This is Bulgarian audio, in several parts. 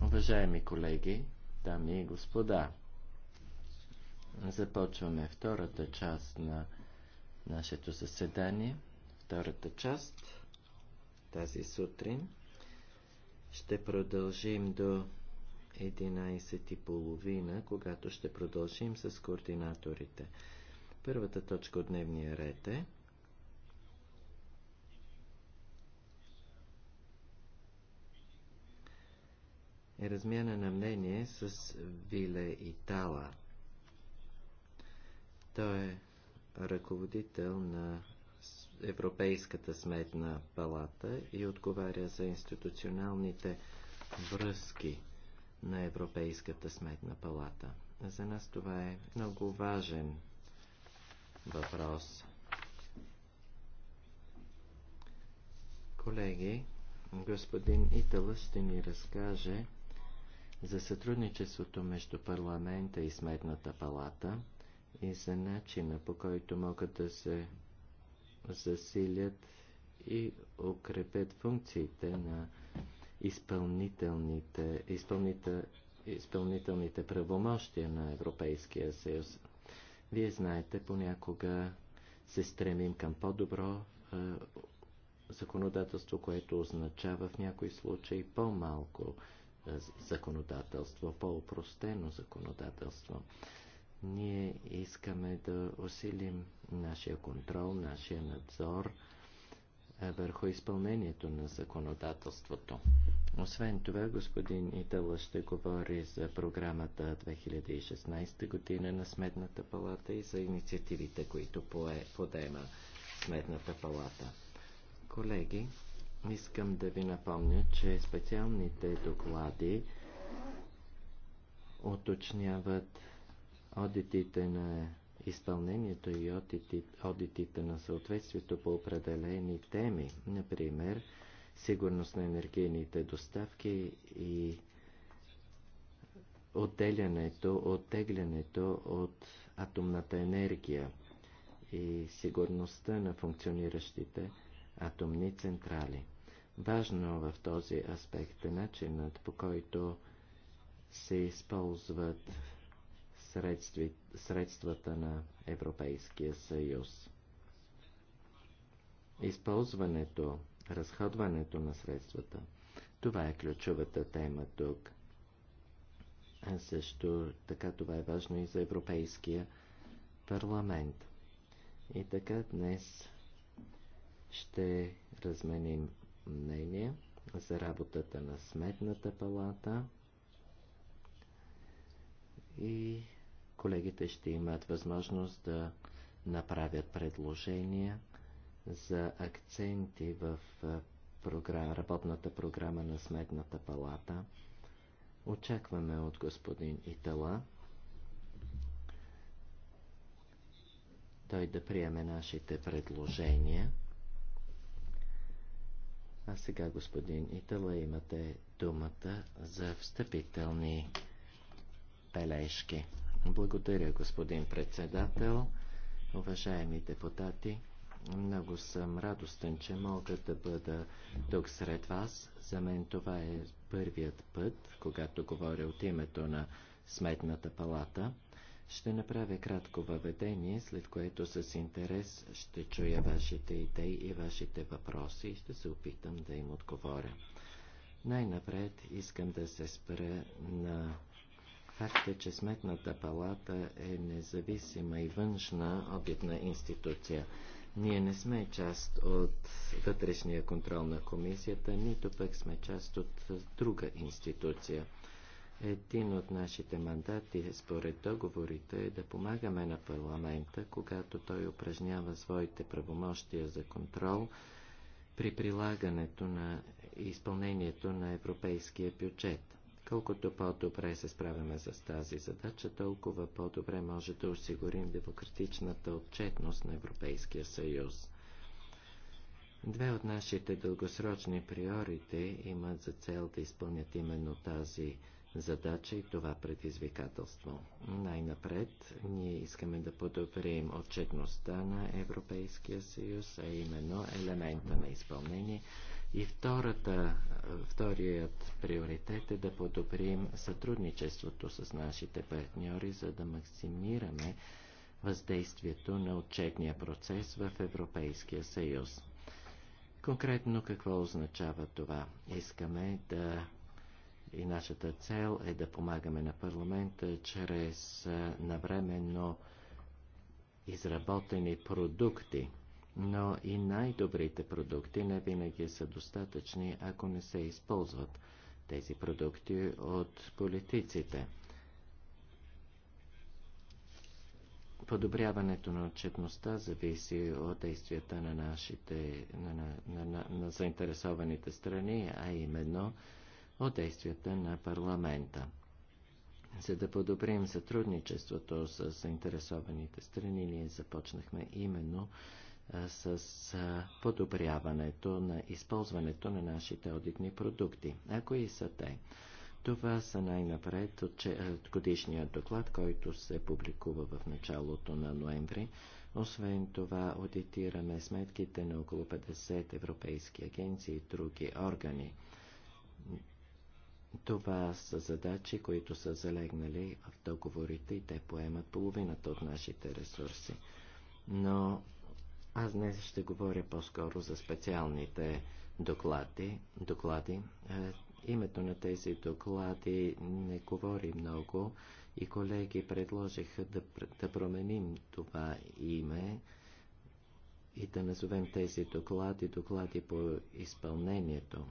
Уважаеми колеги, дами и господа, започваме втората част на нашето заседание. Втората част тази сутрин ще продължим до 11.30, когато ще продължим с координаторите. Първата точка от дневния ред е е размяна на мнение с Виле Итала. Той е ръководител на Европейската сметна палата и отговаря за институционалните връзки на Европейската сметна палата. За нас това е много важен въпрос. Колеги, господин Итала ще ни разкаже за сътрудничеството между парламента и Сметната палата и за начина по който могат да се засилят и укрепят функциите на изпълнителните, изпълнителните правомощия на Европейския съюз. Вие знаете, понякога се стремим към по-добро е, законодателство, което означава в някои случаи по-малко е, законодателство, по-упростено законодателство. Ние искаме да усилим нашия контрол, нашия надзор е, върху изпълнението на законодателството. Освен това, господин Итала ще говори за програмата 2016 година на Сметната палата и за инициативите, които подема Сметната палата. Колеги, искам да ви напомня, че специалните доклади оточняват одитите на изпълнението и одитите на съответствието по определени теми, например сигурност на енергийните доставки и отделянето, оттеглянето от атомната енергия и сигурността на функциониращите атомни централи. Важно в този аспект е начинът, по който се използват средстви, средствата на Европейския съюз. Използването разходването на средствата. Това е ключовата тема тук. А също така това е важно и за Европейския парламент. И така днес ще разменим мнение за работата на Сметната палата и колегите ще имат възможност да направят предложения за акценти в работната програма на Сметната палата. Очакваме от господин Итала той да приеме нашите предложения. А сега, господин Итала, имате думата за встъпителни бележки. Благодаря, господин председател, уважаеми депутати. Много съм радостен, че мога да бъда тук сред вас. За мен това е първият път, когато говоря от името на Сметната палата. Ще направя кратко въведение, след което с интерес ще чуя вашите идеи и вашите въпроси и ще се опитам да им отговоря. Най-напред искам да се спра на факта, че Сметната палата е независима и външна обидна институция. Ние не сме част от вътрешния контрол на комисията, нито пък сме част от друга институция. Един от нашите мандати според договорите е да помагаме на парламента, когато той упражнява своите правомощия за контрол при прилагането на изпълнението на европейския бюджет. Колкото по-добре се справяме с тази задача, толкова по-добре може да осигурим демократичната отчетност на Европейския съюз. Две от нашите дългосрочни приорите имат за цел да изпълнят именно тази задача и това предизвикателство. Най-напред ние искаме да подобрим отчетността на Европейския съюз, а именно елемента на изпълнение – и втората, вторият приоритет е да подобрим сътрудничеството с нашите партньори, за да максимираме въздействието на отчетния процес в Европейския съюз. Конкретно какво означава това? Искаме да и нашата цел е да помагаме на парламента чрез навременно изработени продукти – но и най-добрите продукти не винаги са достатъчни, ако не се използват тези продукти от политиците. Подобряването на отчетността зависи от действията на, нашите, на, на, на, на заинтересованите страни, а именно от действията на парламента. За да подобрим сътрудничеството с заинтересованите страни, ние започнахме именно с подобряването на използването на нашите одитни продукти. А кои са те? Това са най-напред годишния доклад, който се публикува в началото на ноември. Освен това, аудитираме сметките на около 50 европейски агенции и други органи. Това са задачи, които са залегнали в договорите и те поемат половината от нашите ресурси. Но аз днес ще говоря по-скоро за специалните доклади. доклади. Е, името на тези доклади не говори много и колеги предложиха да, да променим това име и да назовем тези доклади доклади по изпълнението.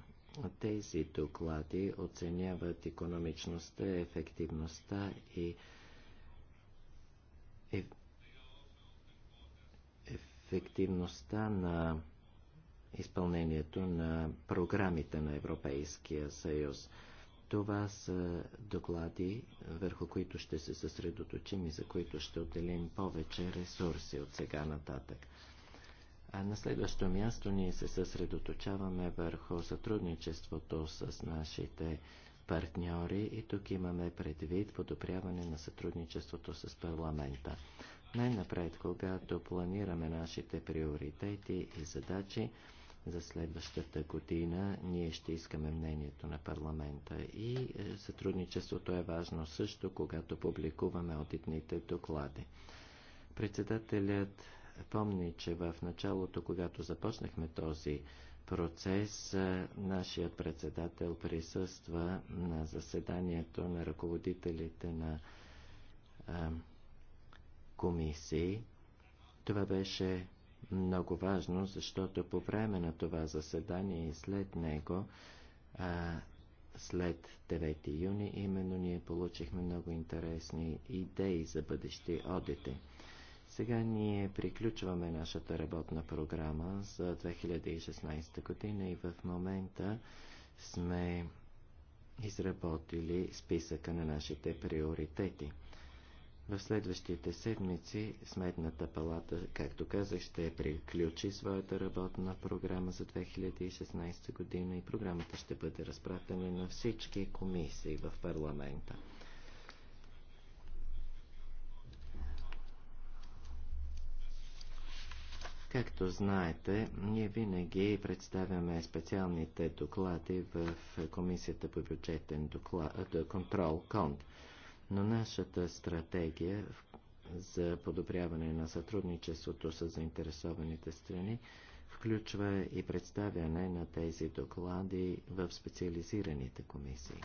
Тези доклади оценяват економичността, ефективността и е, ефективността на изпълнението на програмите на Европейския съюз. Това са доклади, върху които ще се съсредоточим и за които ще отделим повече ресурси от сега нататък. А на следващо място ние се съсредоточаваме върху сътрудничеството с нашите партньори и тук имаме предвид подобряване на сътрудничеството с парламента най-напред, когато планираме нашите приоритети и задачи за следващата година, ние ще искаме мнението на парламента. И е, сътрудничеството е важно също, когато публикуваме одитните доклади. Председателят помни, че в началото, когато започнахме този процес, е, нашият председател присъства на заседанието на ръководителите на е, комисии. Това беше много важно, защото по време на това заседание и след него, а, след 9 юни, именно ние получихме много интересни идеи за бъдещи одити. Сега ние приключваме нашата работна програма за 2016 година и в момента сме изработили списъка на нашите приоритети. В следващите седмици Сметната палата, както казах, ще приключи своята работна програма за 2016 година и програмата ще бъде разпратена на всички комисии в парламента. Както знаете, ние винаги представяме специалните доклади в Комисията по бюджетен доклад, контрол, конт но нашата стратегия за подобряване на сътрудничеството с заинтересованите страни включва и представяне на тези доклади в специализираните комисии.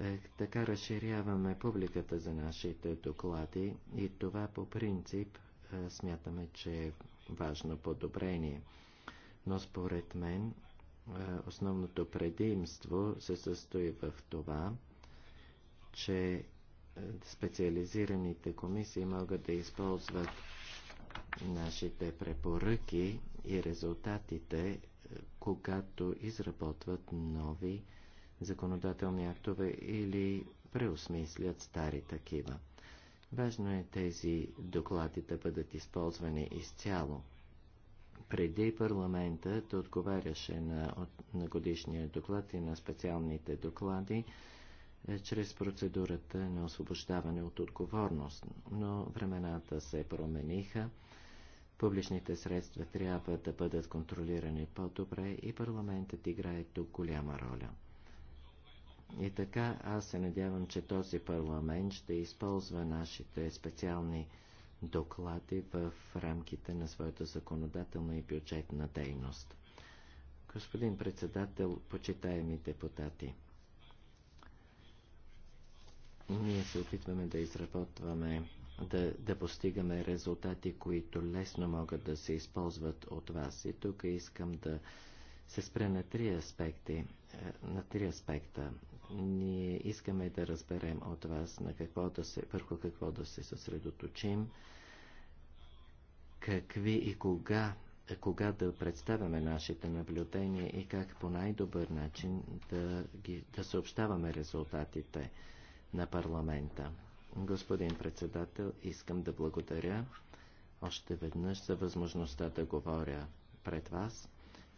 Е, така разширяваме публиката за нашите доклади и това по принцип е, смятаме, че е важно подобрение. Но според мен е, основното предимство се състои в това, че е, специализираните комисии могат да използват нашите препоръки и резултатите, е, когато изработват нови законодателни актове или преосмислят стари такива. Важно е тези доклади да бъдат използвани изцяло. Преди парламентът отговаряше на, на годишния доклад и на специалните доклади, е чрез процедурата на освобождаване от отговорност. Но времената се промениха, публичните средства трябва да бъдат контролирани по-добре и парламентът играе тук голяма роля. И така аз се надявам, че този парламент ще използва нашите специални доклади в рамките на своята законодателна и бюджетна дейност. Господин председател, почитаеми депутати, ние се опитваме да изработваме, да, да постигаме резултати, които лесно могат да се използват от вас. И тук искам да се спре на три аспекти. Е, на три аспекта. Ние искаме да разберем от вас на какво да се, върху какво да се съсредоточим, какви и кога кога да представяме нашите наблюдения и как по най-добър начин да, ги, да съобщаваме резултатите на парламента. Господин председател, искам да благодаря още веднъж за възможността да говоря пред вас.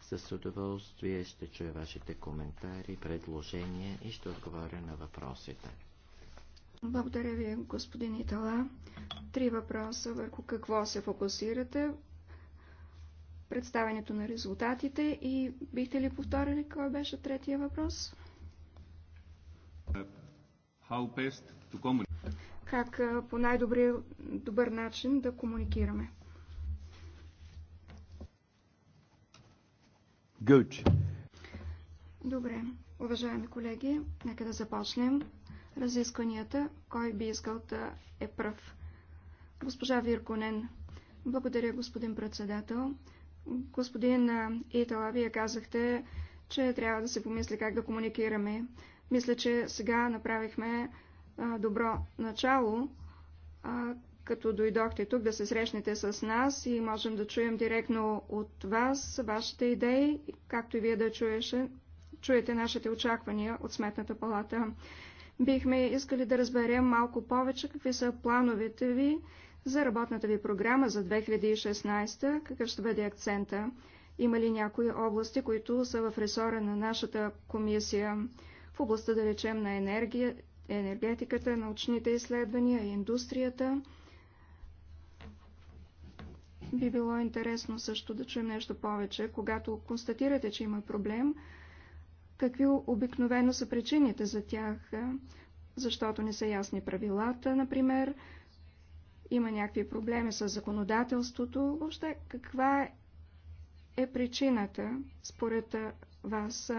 С удоволствие ще чуя вашите коментари, предложения и ще отговоря на въпросите. Благодаря ви, господин Итала. Три въпроса върху какво се фокусирате, представянето на резултатите и бихте ли повторили кой беше третия въпрос? Е, как по най-добър начин да комуникираме. Good. Добре, уважаеми колеги, нека да започнем разискванията. Кой би искал да е пръв? Госпожа Вирконен. Благодаря, господин председател. Господин Итала, вие казахте, че трябва да се помисли как да комуникираме. Мисля, че сега направихме добро начало, като дойдохте тук да се срещнете с нас и можем да чуем директно от вас вашите идеи, както и вие да чуеше, чуете нашите очаквания от Сметната палата. Бихме искали да разберем малко повече какви са плановете ви за работната ви програма за 2016, какъв ще бъде акцента. Има ли някои области, които са в ресора на нашата комисия? в областта, да речем, на енергия, енергетиката, научните изследвания, индустрията. Би било интересно също да чуем нещо повече. Когато констатирате, че има проблем, какви обикновено са причините за тях, защото не са ясни правилата, например, има някакви проблеми с законодателството. Въобще, каква е причината според вас?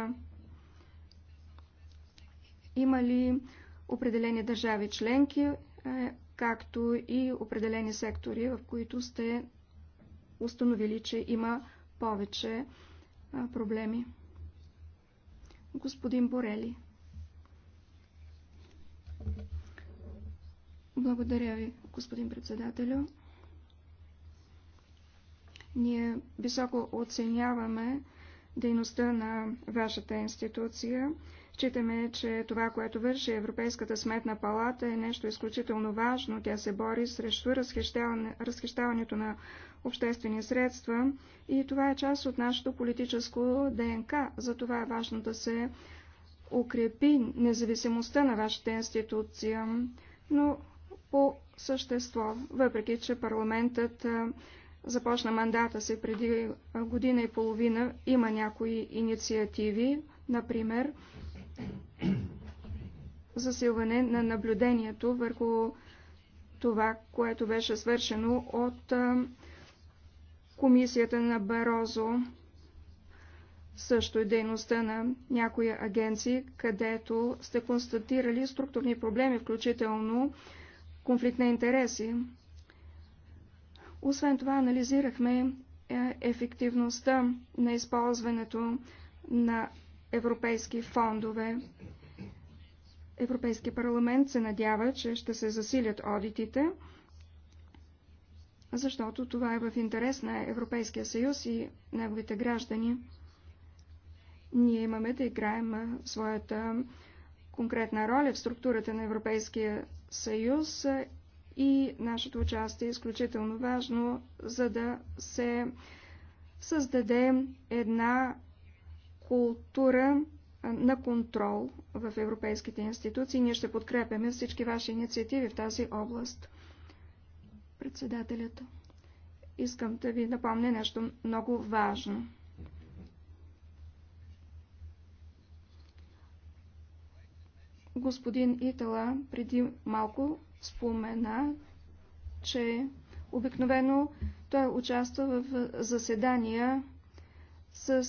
Има ли определени държави членки, е, както и определени сектори, в които сте установили, че има повече е, проблеми? Господин Борели. Благодаря ви, господин председателю. Ние високо оценяваме дейността на вашата институция. Считаме, че това, което върши Европейската сметна палата е нещо изключително важно. Тя се бори срещу разхищаване, разхищаването на обществени средства и това е част от нашето политическо ДНК. За това е важно да се укрепи независимостта на вашата институция, но по същество, въпреки че парламентът започна мандата си преди година и половина, има някои инициативи, например засилване на наблюдението върху това, което беше свършено от комисията на Барозо, също и дейността на някои агенции, където сте констатирали структурни проблеми, включително конфликт на интереси. Освен това, анализирахме е, ефективността на използването на европейски фондове. Европейски парламент се надява, че ще се засилят одитите, защото това е в интерес на Европейския съюз и неговите граждани. Ние имаме да играем своята конкретна роля в структурата на Европейския съюз и нашето участие е изключително важно, за да се създаде една култура на контрол в европейските институции. Ние ще подкрепяме всички ваши инициативи в тази област. Председателят, искам да ви напомня нещо много важно. Господин Итала преди малко спомена, че обикновено той участва в заседания с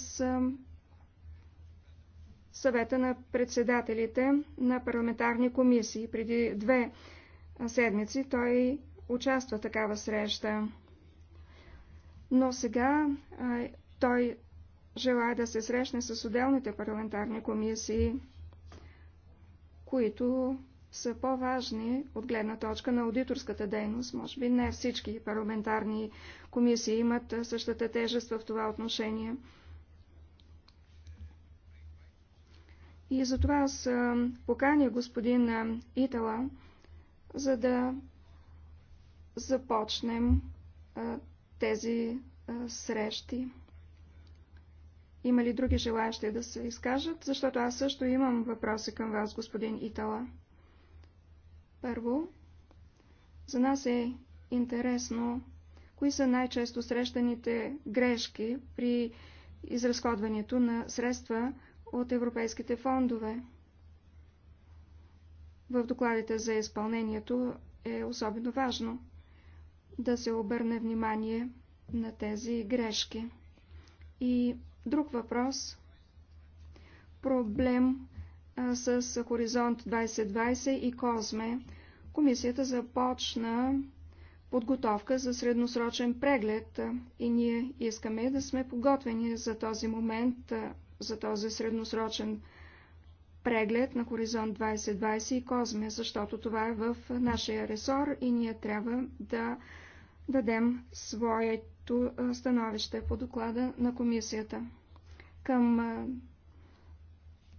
съвета на председателите на парламентарни комисии. Преди две седмици той участва в такава среща. Но сега а, той желая да се срещне с отделните парламентарни комисии, които са по-важни от гледна точка на аудиторската дейност. Може би не всички парламентарни комисии имат същата тежест в това отношение. И затова аз поканя господин Итала, за да започнем тези срещи. Има ли други желаящи да се изкажат? Защото аз също имам въпроси към вас, господин Итала. Първо, за нас е интересно, кои са най-често срещаните грешки при изразходването на средства, от европейските фондове. В докладите за изпълнението е особено важно да се обърне внимание на тези грешки. И друг въпрос – проблем с Хоризонт 2020 и Козме. Комисията започна подготовка за средносрочен преглед и ние искаме да сме подготвени за този момент, за този средносрочен преглед на Хоризонт 2020 и Козме, защото това е в нашия ресор и ние трябва да дадем своето становище по доклада на комисията. Към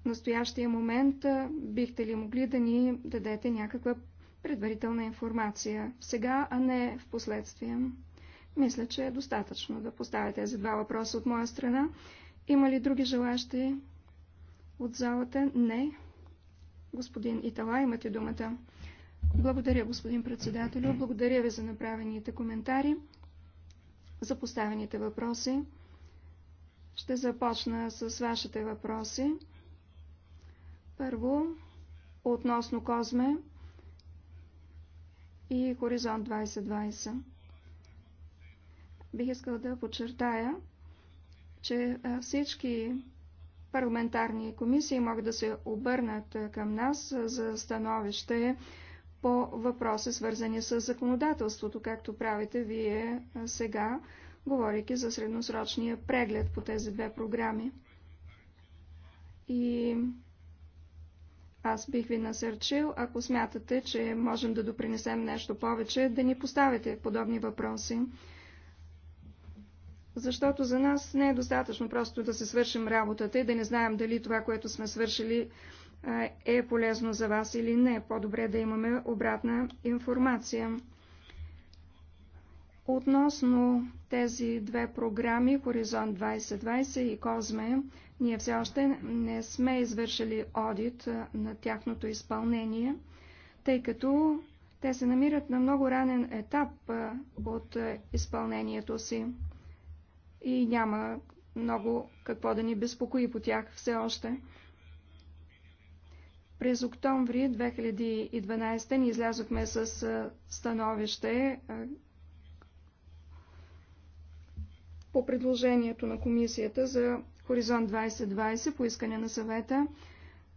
настоящия момент бихте ли могли да ни дадете някаква предварителна информация сега, а не в последствие? Мисля, че е достатъчно да поставя тези два въпроса от моя страна. Има ли други желащи от залата? Не. Господин Итала, имате думата. Благодаря, господин председателю. Благодаря ви за направените коментари, за поставените въпроси. Ще започна с вашите въпроси. Първо, относно Козме и Хоризонт 2020. Бих искал да подчертая, че всички парламентарни комисии могат да се обърнат към нас за становище по въпроси, свързани с законодателството, както правите вие сега, говорейки за средносрочния преглед по тези две програми. И аз бих ви насърчил, ако смятате, че можем да допринесем нещо повече, да ни поставите подобни въпроси защото за нас не е достатъчно просто да се свършим работата и да не знаем дали това, което сме свършили, е полезно за вас или не. По-добре да имаме обратна информация. Относно тези две програми, Хоризонт 2020 и Козме, ние все още не сме извършили одит на тяхното изпълнение, тъй като те се намират на много ранен етап от изпълнението си и няма много какво да ни безпокои по тях все още. През октомври 2012 ни излязохме с становище по предложението на комисията за Хоризонт 2020 по искане на съвета.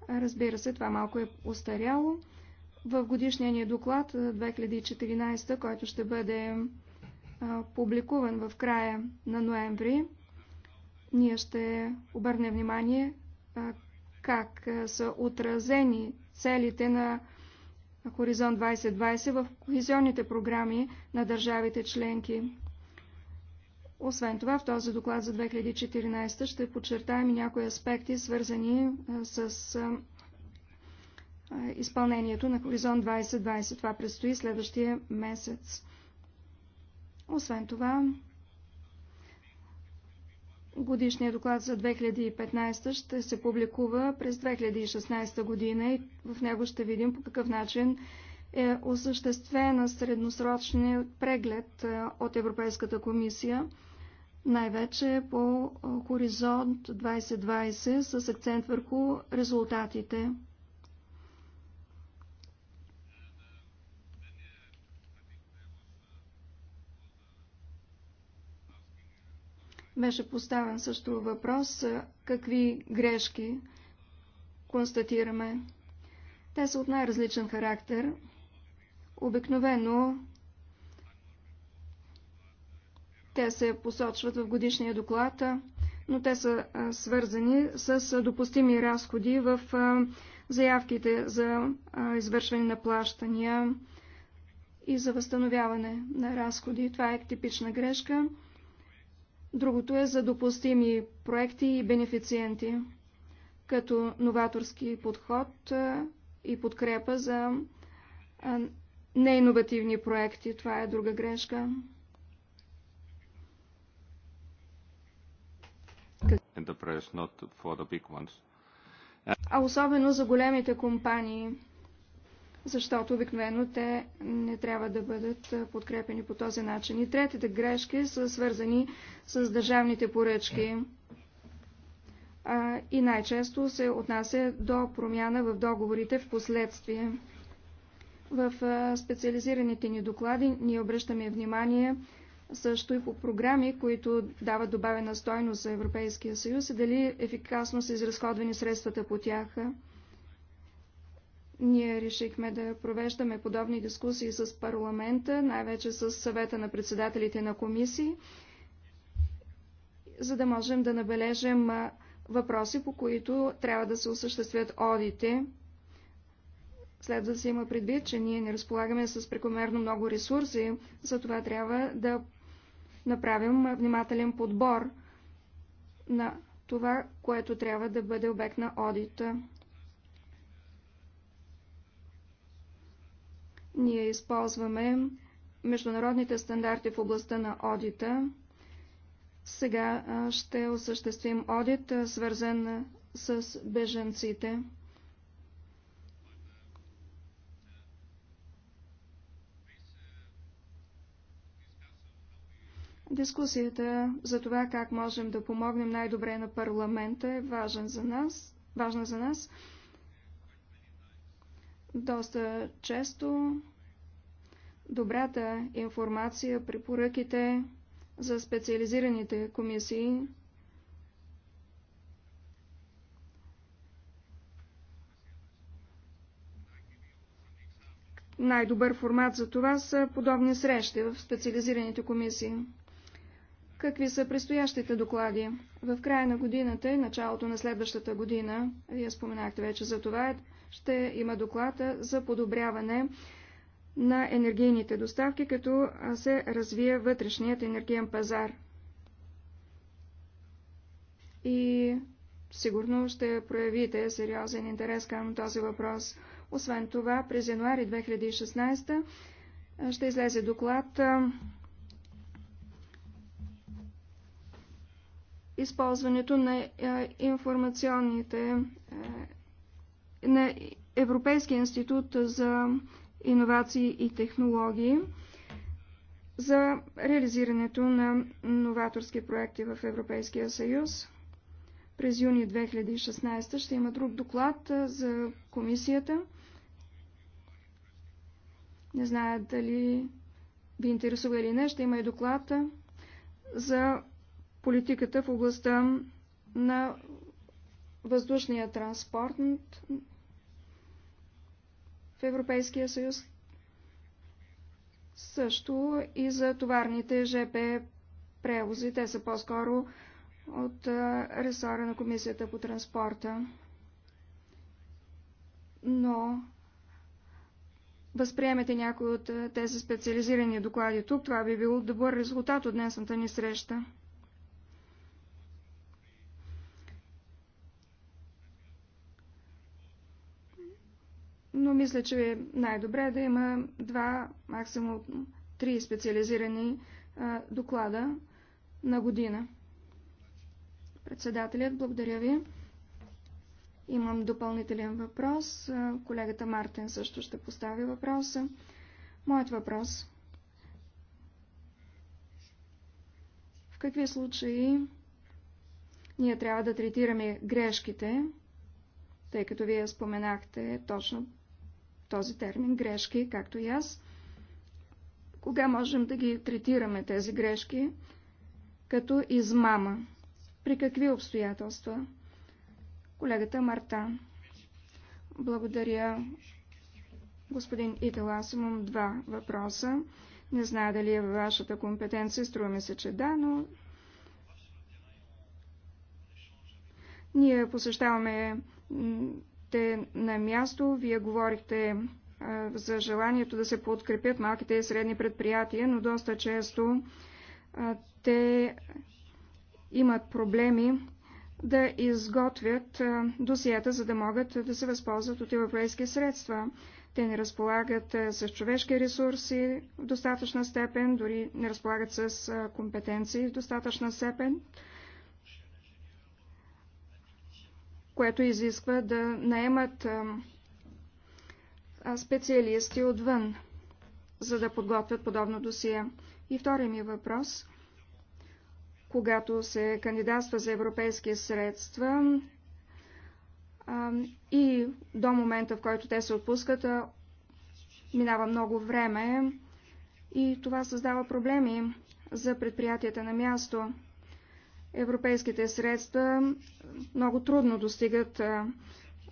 Разбира се, това малко е устаряло. В годишния ни доклад 2014, който ще бъде публикуван в края на ноември. Ние ще обърнем внимание как са отразени целите на Хоризонт 2020 в кохезионните програми на държавите членки. Освен това, в този доклад за 2014 ще подчертаем и някои аспекти, свързани с изпълнението на Хоризонт 2020. Това предстои следващия месец. Освен това, годишният доклад за 2015 ще се публикува през 2016 година и в него ще видим по какъв начин е осъществена средносрочния преглед е, от Европейската комисия, най-вече по е, хоризонт 2020 с акцент върху резултатите. Беше поставен също въпрос какви грешки констатираме. Те са от най-различен характер. Обикновено те се посочват в годишния доклад, но те са свързани с допустими разходи в заявките за извършване на плащания и за възстановяване на разходи. Това е типична грешка. Другото е за допустими проекти и бенефициенти, като новаторски подход и подкрепа за неиновативни проекти. Това е друга грешка. А особено за големите компании защото обикновено те не трябва да бъдат подкрепени по този начин. И третите грешки са свързани с държавните поръчки а, и най-често се отнася до промяна в договорите в последствие. В специализираните ни доклади ние обръщаме внимание също и по програми, които дават добавена стойност за Европейския съюз и дали ефикасно са изразходвани средствата по тях. Ние решихме да провеждаме подобни дискусии с парламента, най-вече с съвета на председателите на комисии, за да можем да набележим въпроси, по които трябва да се осъществят одите. Следва да се има предвид, че ние не разполагаме с прекомерно много ресурси, затова трябва да направим внимателен подбор на това, което трябва да бъде обект на одита. Ние използваме международните стандарти в областта на одита. Сега ще осъществим одит, свързан с беженците. Дискусията за това как можем да помогнем най-добре на парламента е важен за нас, важна за нас. Доста често добрата информация, препоръките за специализираните комисии Най-добър формат за това са подобни срещи в специализираните комисии. Какви са предстоящите доклади? В края на годината и началото на следващата година, вие споменахте вече за това, ще има доклада за подобряване на енергийните доставки, като се развие вътрешният енергиен пазар. И сигурно ще проявите сериозен интерес към този въпрос. Освен това, през януари 2016 ще излезе доклад използването на информационните на Европейския институт за иновации и технологии за реализирането на новаторски проекти в Европейския съюз. През юни 2016 ще има друг доклад за комисията. Не зная дали ви интересува или не, ще има и доклад за политиката в областта на въздушния транспорт Европейския съюз. Също и за товарните ЖП превози. Те са по-скоро от ресора на Комисията по транспорта. Но възприемете някои от тези специализирани доклади тук, това би било добър резултат от днесната ни среща. но мисля, че е най-добре да има два, максимум три специализирани а, доклада на година. Председателят, благодаря ви. Имам допълнителен въпрос. Колегата Мартин също ще постави въпроса. Моят въпрос. В какви случаи ние трябва да третираме грешките, тъй като вие споменахте точно този термин грешки, както и аз. Кога можем да ги третираме тези грешки като измама? При какви обстоятелства? Колегата Марта. Благодаря, господин Ител. Аз имам два въпроса. Не знае дали е във вашата компетенция, струва ми се, че да, но ние посещаваме сте на място, вие говорихте за желанието да се подкрепят малките и средни предприятия, но доста често те имат проблеми да изготвят досията, за да могат да се възползват от европейски средства. Те не разполагат с човешки ресурси в достатъчна степен, дори не разполагат с компетенции в достатъчна степен, което изисква да наемат специалисти отвън, за да подготвят подобно досие. И втори ми въпрос. Когато се кандидатства за европейски средства и до момента, в който те се отпускат, минава много време и това създава проблеми за предприятията на място. Европейските средства много трудно достигат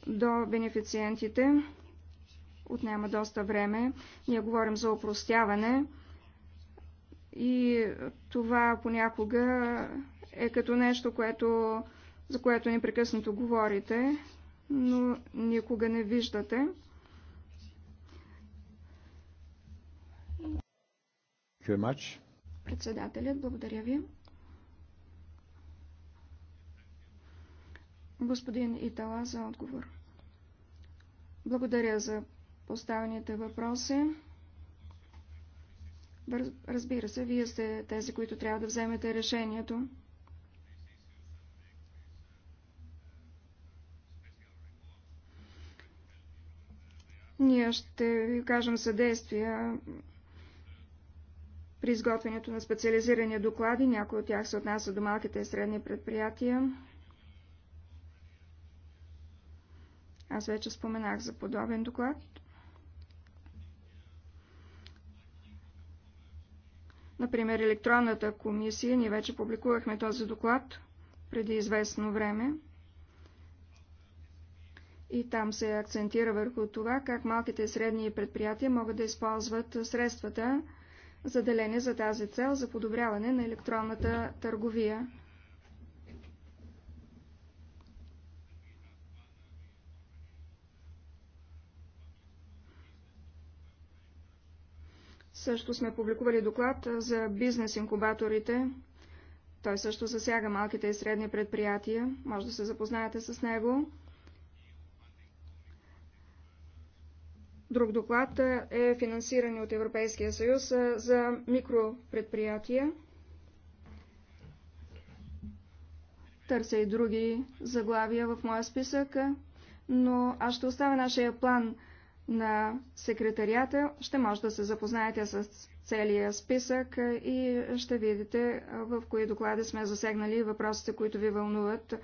до бенефициентите. Отнема доста време. Ние говорим за опростяване и това понякога е като нещо, което, за което непрекъснато говорите, но никога не виждате. Председателят, благодаря ви. Господин Итала за отговор. Благодаря за поставените въпроси. Разбира се, вие сте тези, които трябва да вземете решението. Ние ще ви кажем съдействия при изготвянето на специализирани доклади. Някои от тях се отнасят до малките и средни предприятия. Аз вече споменах за подобен доклад. Например, електронната комисия, ние вече публикувахме този доклад преди известно време. И там се акцентира върху това, как малките и средни предприятия могат да използват средствата, заделени за тази цел за подобряване на електронната търговия. Също сме публикували доклад за бизнес-инкубаторите. Той също засяга малките и средни предприятия. Може да се запознаете с него. Друг доклад е финансиране от Европейския съюз за микропредприятия. Търся и други заглавия в моя списък, но аз ще оставя нашия план – на секретарията. Ще може да се запознаете с целия списък и ще видите в кои доклади сме засегнали въпросите, които ви вълнуват.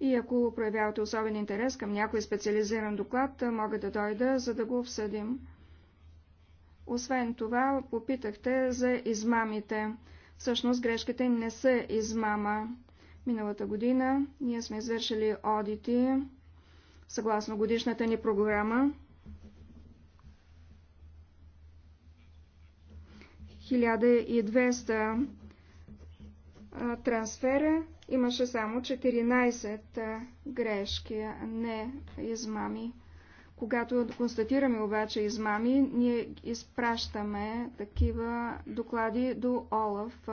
И ако проявявате особен интерес към някой специализиран доклад, мога да дойда, за да го обсъдим. Освен това, попитахте за измамите. Всъщност грешките не са измама. Миналата година ние сме извършили одити съгласно годишната ни програма. 1200 трансфера имаше само 14 грешки, не измами. Когато констатираме обаче измами, ние изпращаме такива доклади до ОЛАФ.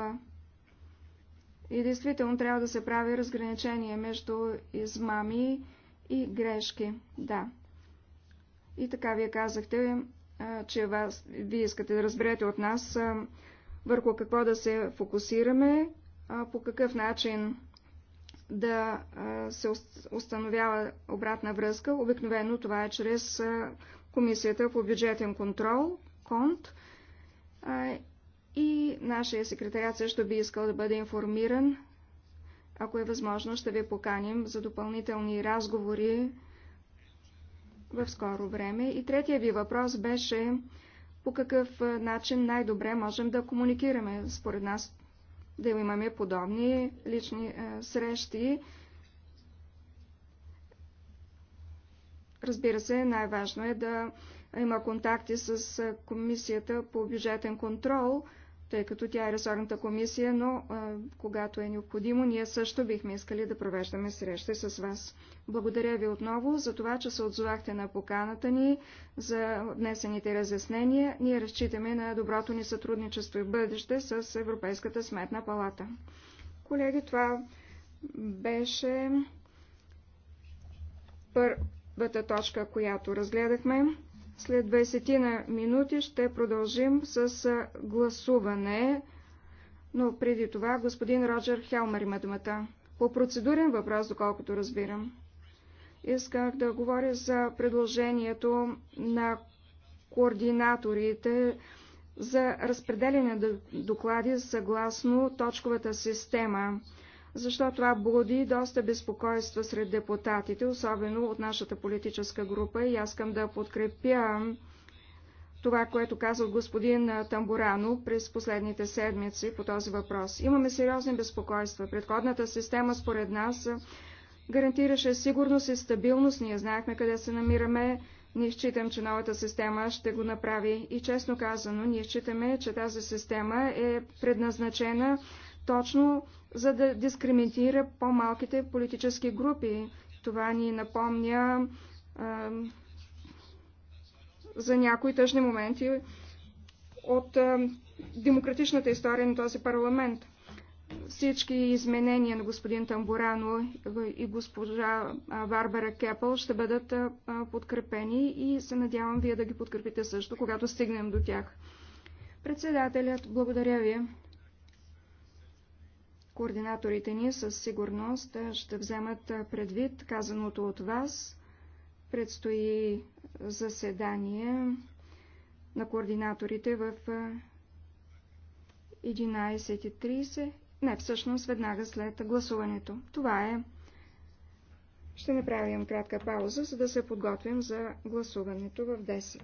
И действително трябва да се прави разграничение между измами и грешки. Да. И така вие казахте, че вас, вие искате да разберете от нас върху какво да се фокусираме, по какъв начин да се установява обратна връзка. Обикновено това е чрез Комисията по бюджетен контрол, КОНТ. И нашия секретарят също би искал да бъде информиран ако е възможно, ще ви поканим за допълнителни разговори в скоро време. И третия ви въпрос беше по какъв начин най-добре можем да комуникираме според нас, да имаме подобни лични срещи. Разбира се, най-важно е да има контакти с Комисията по бюджетен контрол – тъй като тя е ресорната комисия, но а, когато е необходимо, ние също бихме искали да провеждаме срещи с вас. Благодаря ви отново за това, че се отзовахте на поканата ни за внесените разяснения. Ние разчитаме на доброто ни сътрудничество и бъдеще с Европейската сметна палата. Колеги, това беше първата точка, която разгледахме. След 20 на минути ще продължим с гласуване, но преди това господин Роджер Хелмер има думата. По процедурен въпрос, доколкото разбирам. Исках да говоря за предложението на координаторите за разпределение на доклади съгласно точковата система защото това буди доста безпокойство сред депутатите, особено от нашата политическа група и аз искам да подкрепя това, което каза господин Тамбурано през последните седмици по този въпрос. Имаме сериозни безпокойства. Предходната система, според нас, гарантираше сигурност и стабилност. Ние знаехме къде се намираме. Ние считам, че новата система ще го направи. И честно казано, ние считаме, че тази система е предназначена точно за да дискриминира по-малките политически групи. Това ни напомня а, за някои тъжни моменти от а, демократичната история на този парламент. Всички изменения на господин Тамбурано и госпожа Варбара Кепъл ще бъдат подкрепени и се надявам вие да ги подкрепите също, когато стигнем до тях. Председателят, благодаря ви. Координаторите ни със сигурност ще вземат предвид казаното от вас. Предстои заседание на координаторите в 11.30. Не, всъщност веднага след гласуването. Това е. Ще направим кратка пауза, за да се подготвим за гласуването в 10.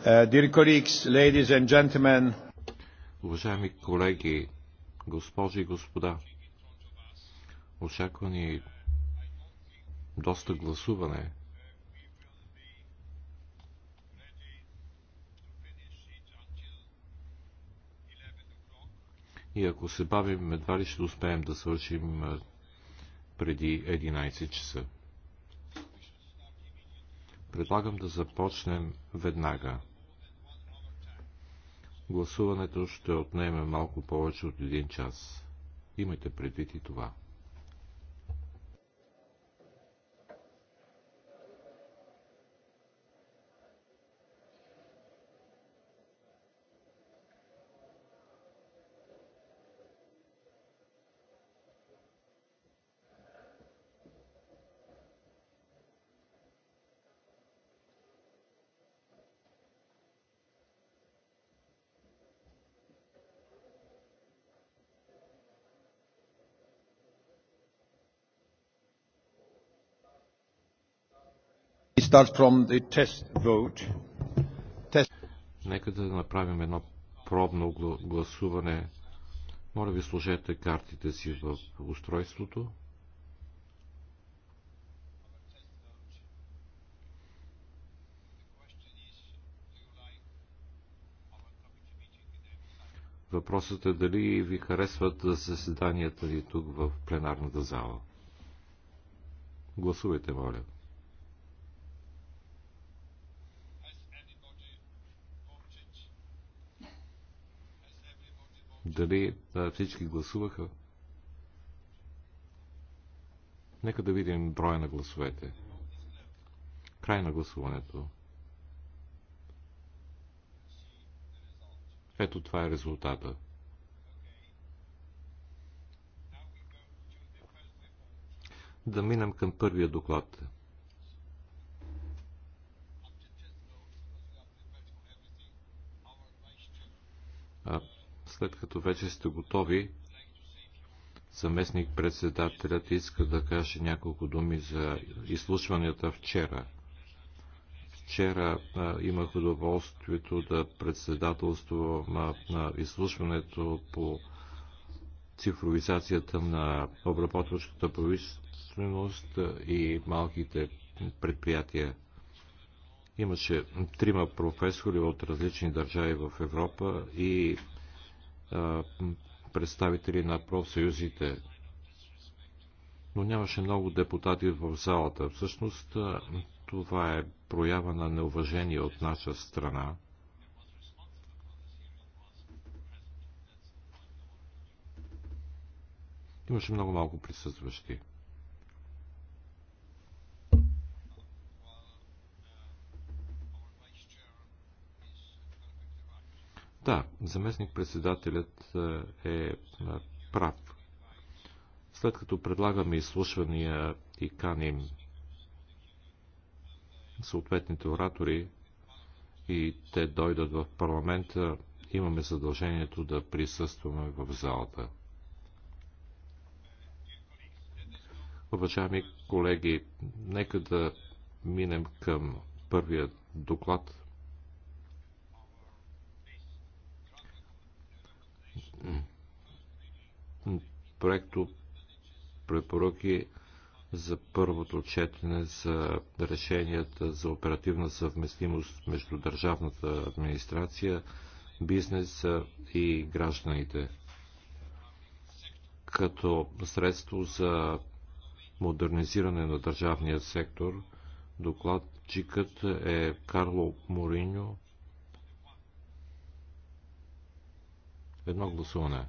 Uh, Уважаеми колеги, госпожи и господа, очаква ни доста гласуване. И ако се бавим, едва ли ще успеем да свършим преди 11 часа. Предлагам да започнем веднага. Гласуването ще отнеме малко повече от един час. Имайте предвид и това. Нека да направим едно пробно гласуване. Моля ви, сложете картите си в устройството. Въпросът е дали ви харесват заседанията ви тук в пленарната зала. Гласувайте, моля. Дали всички гласуваха? Нека да видим броя на гласовете. Край на гласуването. Ето това е резултата. Да минем към първия доклад. А, след като вече сте готови, заместник председателят иска да каже няколко думи за изслушванията вчера. Вчера а, имах удоволствието да председателствам на, на изслушването по цифровизацията на обработващата правителственост и малките предприятия. Имаше трима професори от различни държави в Европа и представители на профсъюзите. Но нямаше много депутати в залата. Всъщност това е проява на неуважение от наша страна. Имаше много малко присъстващи. Да, заместник-председателят е, е прав. След като предлагаме изслушвания и каним съответните оратори и те дойдат в парламента, имаме задължението да присъстваме в залата. Уважаеми колеги, нека да минем към първия доклад проекто препоръки за първото четене за решенията за оперативна съвместимост между държавната администрация, бизнеса и гражданите като средство за модернизиране на държавния сектор. Докладчикът е Карло Мориньо, Едно гласуване.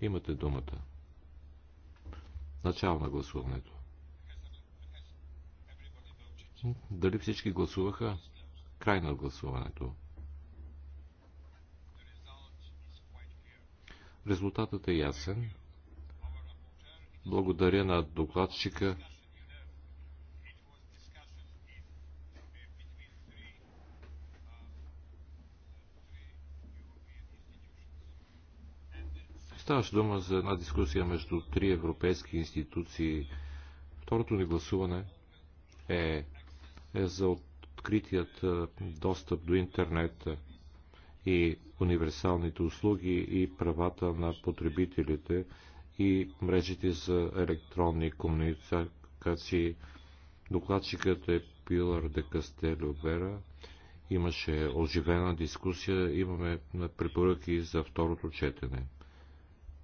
Имате думата. Начало на гласуването. Дали всички гласуваха? Край на гласуването. Резултатът е ясен. Благодаря на докладчика Ставаше дума за една дискусия между три европейски институции. Второто ни гласуване е, е за откритият е, достъп до интернет и универсалните услуги и правата на потребителите и мрежите за електронни комуникации. Докладчикът е Пилар де Кастелио Вера. Имаше оживена дискусия. Имаме препоръки за второто четене.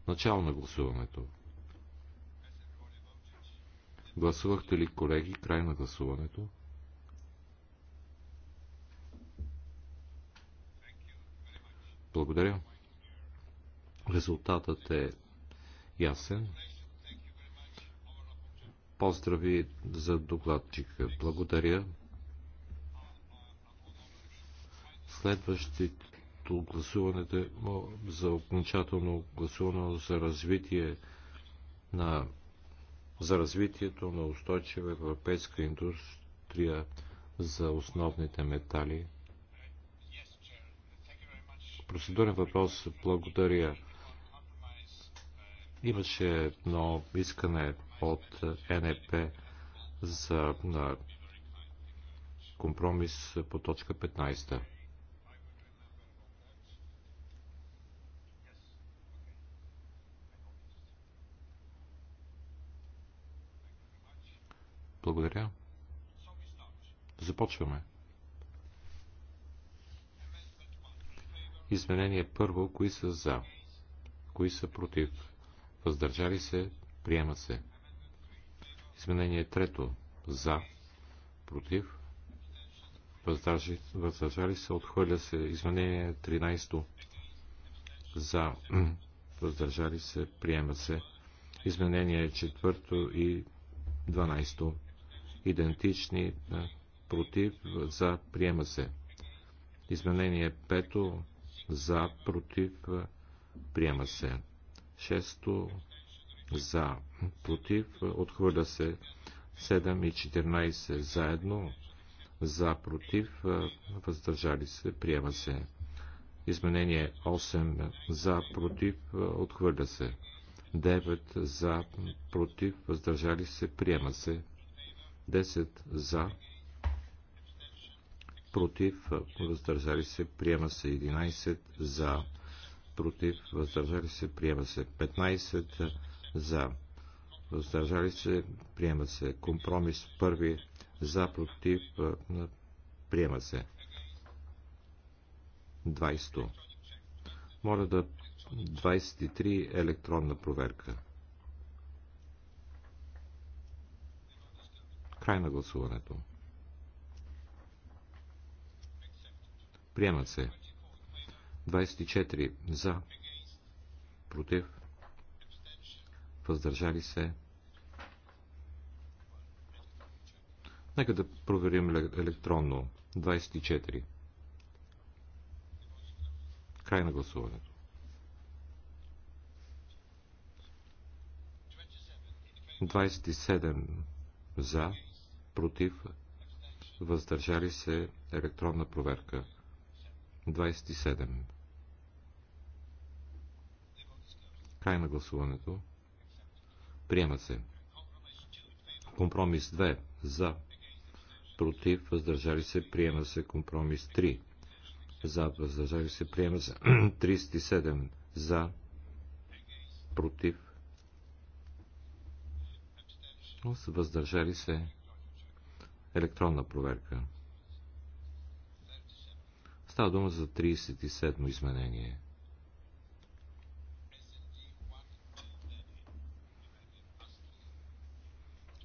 Начало на гласуването. Гласувахте ли, колеги, край на гласуването? Благодаря. Резултатът е ясен. Поздрави за докладчика. Благодаря. Следващите като гласуването за окончателно гласуване за развитие на за развитието на устойчива европейска индустрия за основните метали. Процедурен въпрос. Благодаря. Имаше едно искане от НЕП за компромис по точка 15. Благодаря. Започваме. Изменение първо, кои са за, кои са против, въздържали се, приема се. Изменение трето, за, против, въздържали, се, отхвърля се. Изменение 13, за, въздържали се, приема се. Изменение четвърто и 12 идентични против, за, приема се. Изменение 5 за, против, приема се. 6 за, против, отхвърля се. 7 и 14 заедно, за, против, въздържали се, приема се. Изменение 8 за, против, отхвърля се. 9 за, против, въздържали се, приема се. 10 за, против, въздържали се, приема се 11 за, против, въздържали се, приема се 15 за, въздържали се, приема се компромис първи за, против, приема се 20. Моля да 23 електронна проверка. Край на гласуването. Приемат се. 24 за, против, въздържали се. Нека да проверим електронно. 24. Край на гласуването. 27 за, против, въздържали се, електронна проверка. 27. Край на гласуването. Приема се. Компромис 2. За. Против. Въздържали се. Приема се. Компромис 3. За. Въздържали се. Приема се. 37. За. Против. Въздържали се електронна проверка. Става дума за 37 изменение.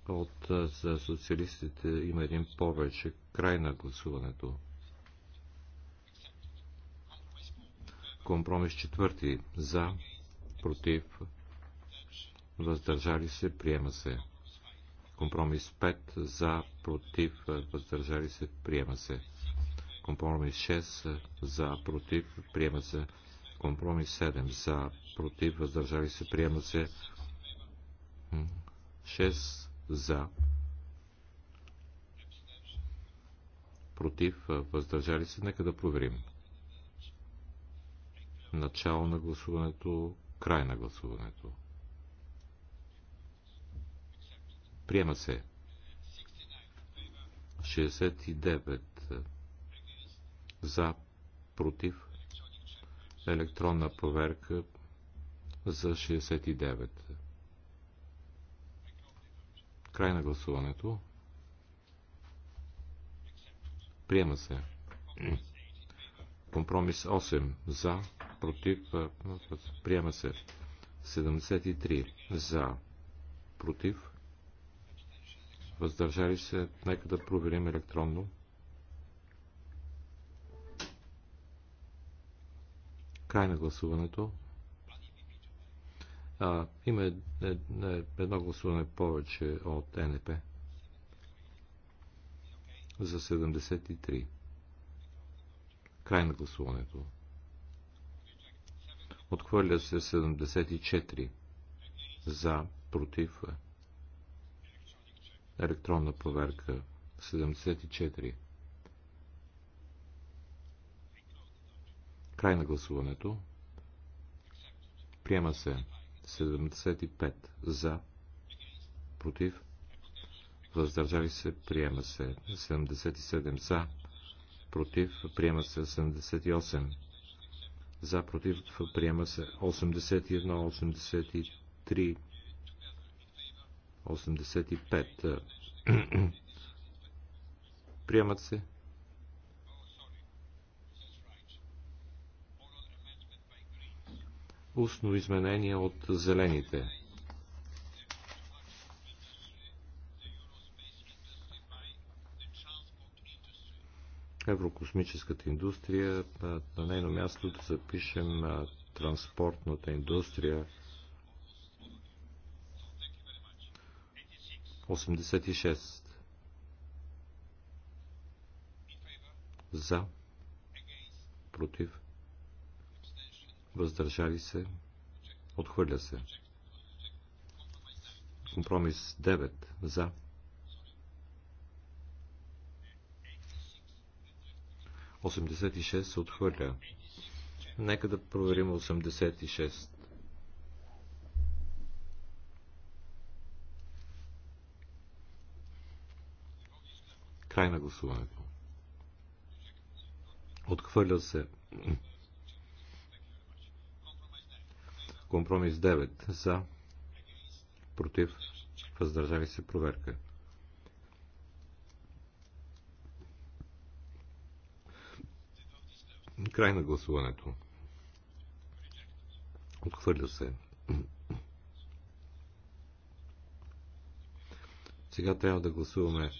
От за социалистите има един повече. Край на гласуването. Компромис четвърти. За, против, въздържали се, приема се. Компромис 5 за, против, въздържали се, приема се. Компромис 6 за, против, приема се. Компромис 7 за, против, въздържали се, приема се. 6 за, против, въздържали се. Нека да проверим. Начало на гласуването, край на гласуването. Приема се. 69 за, против, електронна проверка за 69. Край на гласуването. Приема се. Компромис 8 за, против, приема се. 73 за, против, въздържали се, нека да проверим електронно. Край на гласуването. А, има едно гласуване повече от НП за 73. Край на гласуването. Отхвърля се 74 за, против Електронна проверка 74. Край на гласуването. Приема се 75 за, против, въздържали се, приема се 77 за, против, приема се 78 за, против, приема се 81, 83, 85. Приемат се. Устно изменение от зелените. Еврокосмическата индустрия. На нейно място да запишем транспортната индустрия. 86. За. Против. Въздържали се. Отхвърля се. Компромис 9. За. Осемдесет и шест се отхвърля. Нека да проверим 86. Край на гласуването. Отхвърля се. Компромис 9. За. Против. Въздържали се проверка. Край на гласуването. Отхвърля се. Сега трябва да гласуваме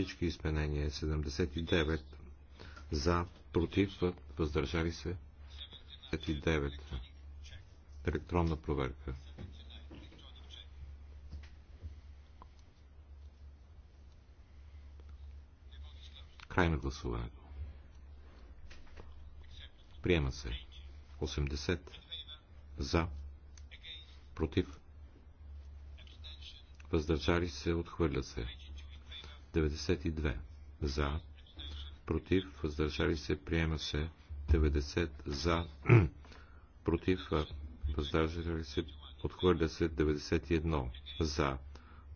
всички изменения 79 за, против, въздържали се 79 електронна проверка. Край на гласуването. Приема се. 80 за, против, въздържали се, отхвърля се. 92 за, против, въздържали се, приема се 90 за, против, въздържали се, отхвърля се 91 за,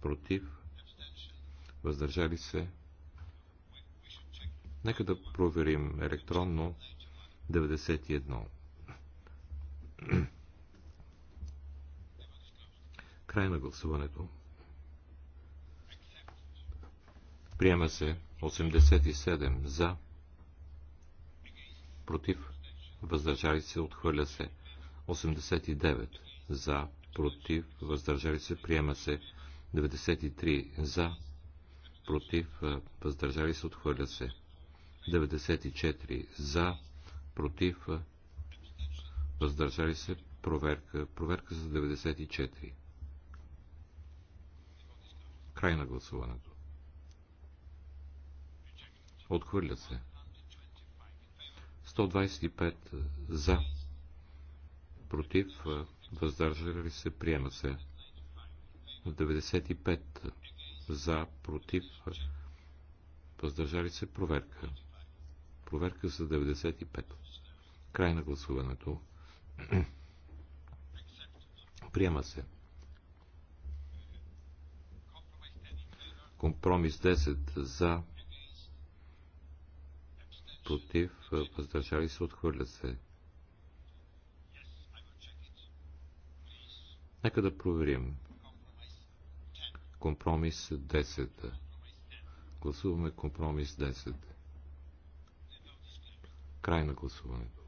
против, въздържали се. Нека да проверим електронно 91. Край на гласуването. Приема се 87 за, против, въздържали се, отхвърля се 89 за, против, въздържали се, приема се 93 за, против, въздържали се, отхвърля се 94 за, против, въздържали се, проверка, проверка за 94. Край на гласуването. Отхвърля се. 125 е, за. Против. Е, въздържали се. Приема се. 95 е, за. Против. Въздържали се. Проверка. Проверка за 95. Край на гласуването. Приема се. Компромис 10 за против, въздържали се, отхвърля се. Нека да проверим. Компромис 10. Гласуваме компромис 10. Край на гласуването.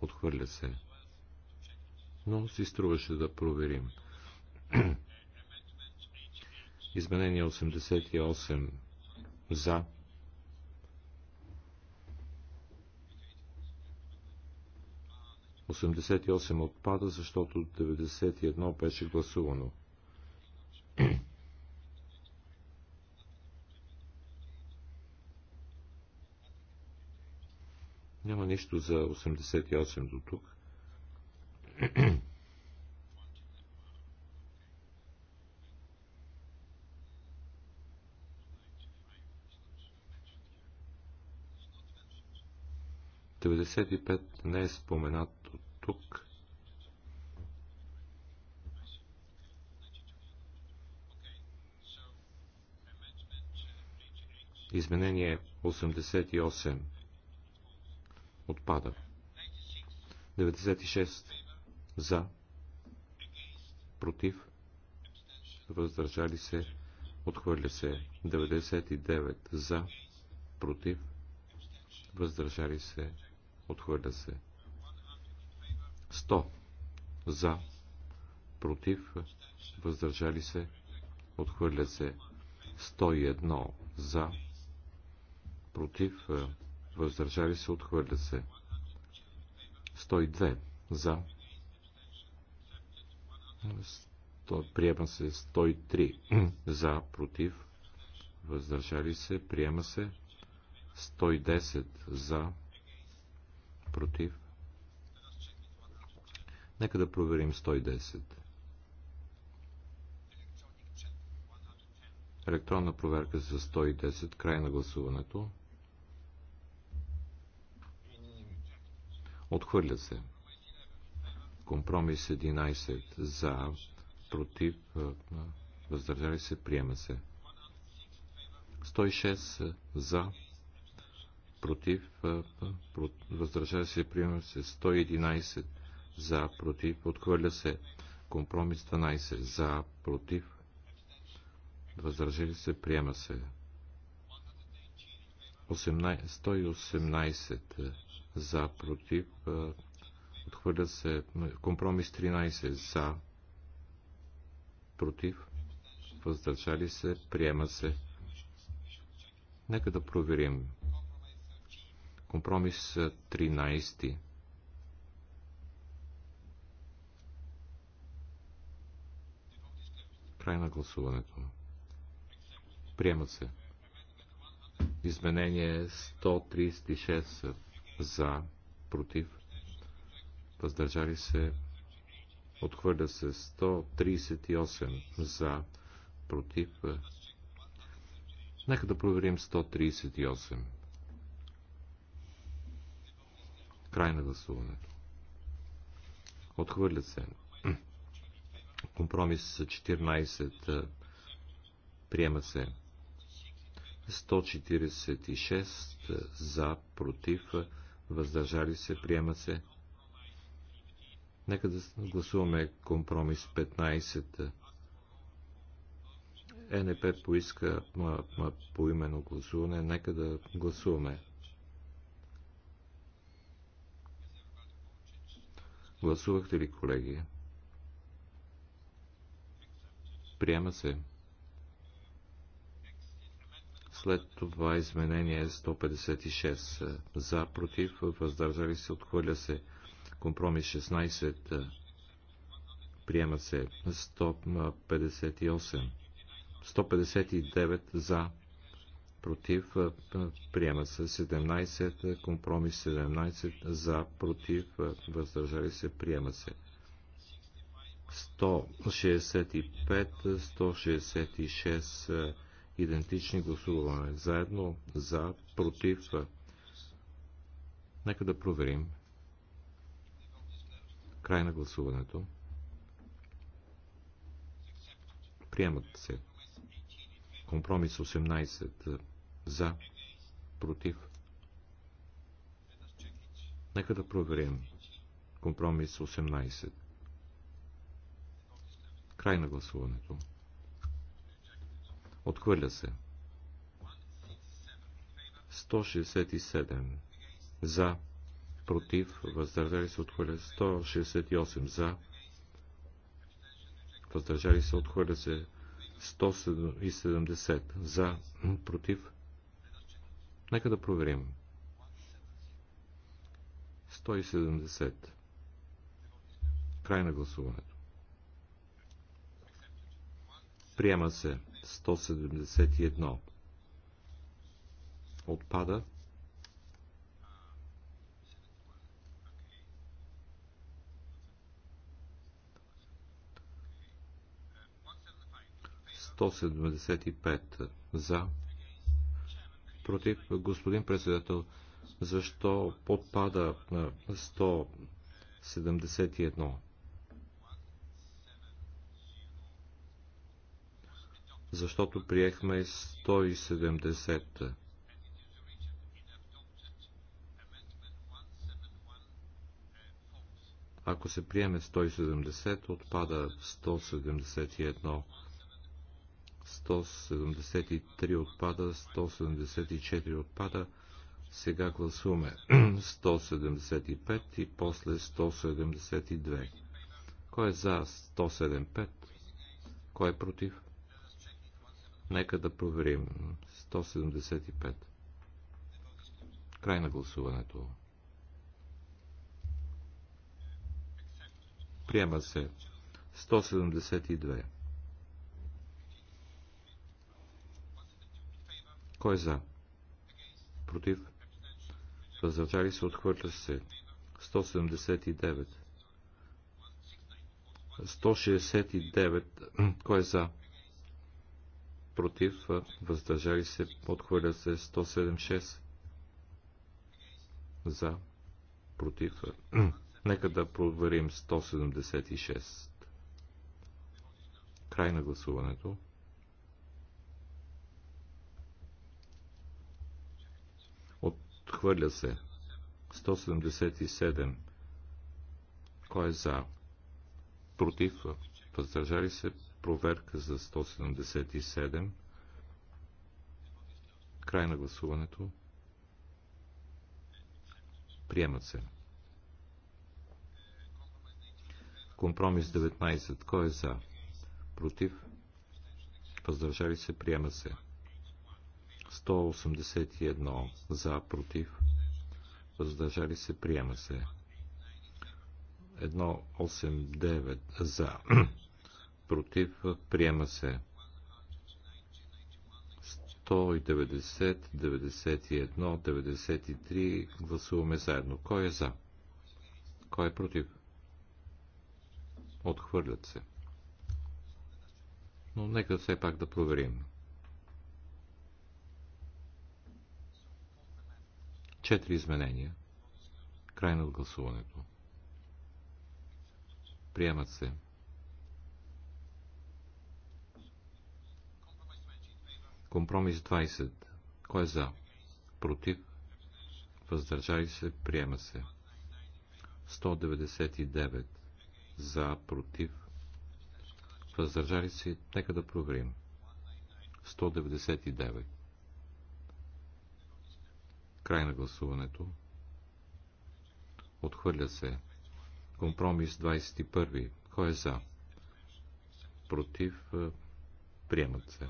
Отхвърля се. Но си струваше да проверим. Изменение 88 за 88 отпада, защото 91 беше гласувано. Няма нищо за 88 до тук. Деветдесет не е споменат тук. Изменение 88 отпада. 96 за, против, въздържали се, отхвърля се. 99 за, против, въздържали се, отхвърля се. 100 за, против, въздържали се, отхвърля се 101 за, против, въздържали се, отхвърля се 102 за, приема се 103 за, против, въздържали се, приема се 110 за, против, Нека да проверим 110. Електронна проверка за 110. Край на гласуването. Отхвърля се. Компромис 11 за, против, е, въздържали се, приема се. 106 за, против, е, въздържали се, приема се. 111 за, против, отхвърля се. Компромис 12 за, против, възражили се, приема се. 18, 118 за, против, отхвърля се. Компромис 13 за, против, въздържали се, приема се. Нека да проверим. Компромис 13. Край на гласуването. Приемат се. Изменение 136 за, против, въздържали се, отхвърля се 138 за, против. Нека да проверим 138. Край на гласуването. Отхвърля се. Компромис 14 приема се 146 за, против, въздържали се, приема се. Нека да гласуваме компромис 15. ЕНП поиска поименно гласуване. Нека да гласуваме. Гласувахте ли, колеги? Приема се. След това изменение 156. За, против, въздържали се, отхвърля се. Компромис 16. Приема се 158. 159 за, против, приема се 17, компромис 17, за, против, въздържали се, приема се. 165-166 е, идентични гласуване. Заедно за, против. Е. Нека да проверим. Край на гласуването. Приемат се. Компромис 18 е, за, против. Нека да проверим. Компромис 18. Край на гласуването. Отхвърля се. 167 за, против, въздържали се отхвърля 168 за, въздържали се отхвърля се 170 за, против. Нека да проверим. 170. Край на гласуването. Приема се 171. Отпада. Сто седемдесет за. Против, господин председател, защо подпада на сто седемдесет защото приехме 170. Ако се приеме 170, отпада 171. 173 отпада, 174 отпада. Сега гласуваме 175 и после 172. Кой е за 175? Кой е против? Нека да проверим. 175. Край на гласуването. Приема се. 172. Кой е за? Против? Въздържали се, отхвърля се. 179. 169. Кой е за? против, въздържали се, подхвърля се 176 за, против. Нека да проверим 176. Край на гласуването. Отхвърля се 177. Кой е за? Против. Въздържали се. Проверка за 177. Край на гласуването. Приемат се. Компромис 19. Кой е за? Против? Въздържали се? Приема се. 181. За? Против? Въздържали се? Приема се. 189. За? против, приема се. 190, 91, 93 гласуваме заедно. Кой е за? Кой е против? Отхвърлят се. Но нека все пак да проверим. 4 изменения. Край на гласуването. Приемат се. Компромис 20. Кой е за? Против? Въздържали се? Приема се. 199. За, против. Въздържали се? Нека да проверим. 199. Край на гласуването. Отхвърля се. Компромис 21. Кой е за? Против? Приемат се.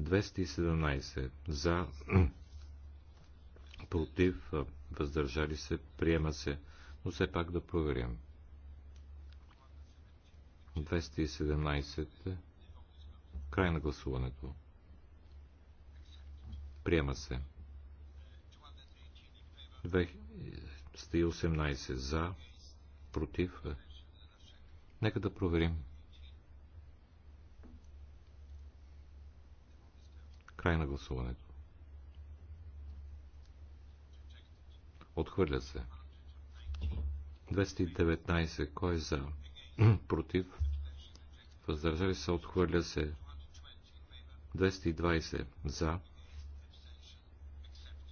217 за, против, въздържали се, приема се, но все пак да проверим. 217 край на гласуването. Приема се. 218 за, против. Нека да проверим. 217. Край на гласуването. Отхвърля се. 219. Кой е за? Против. Въздържали се. Отхвърля се. 220. За.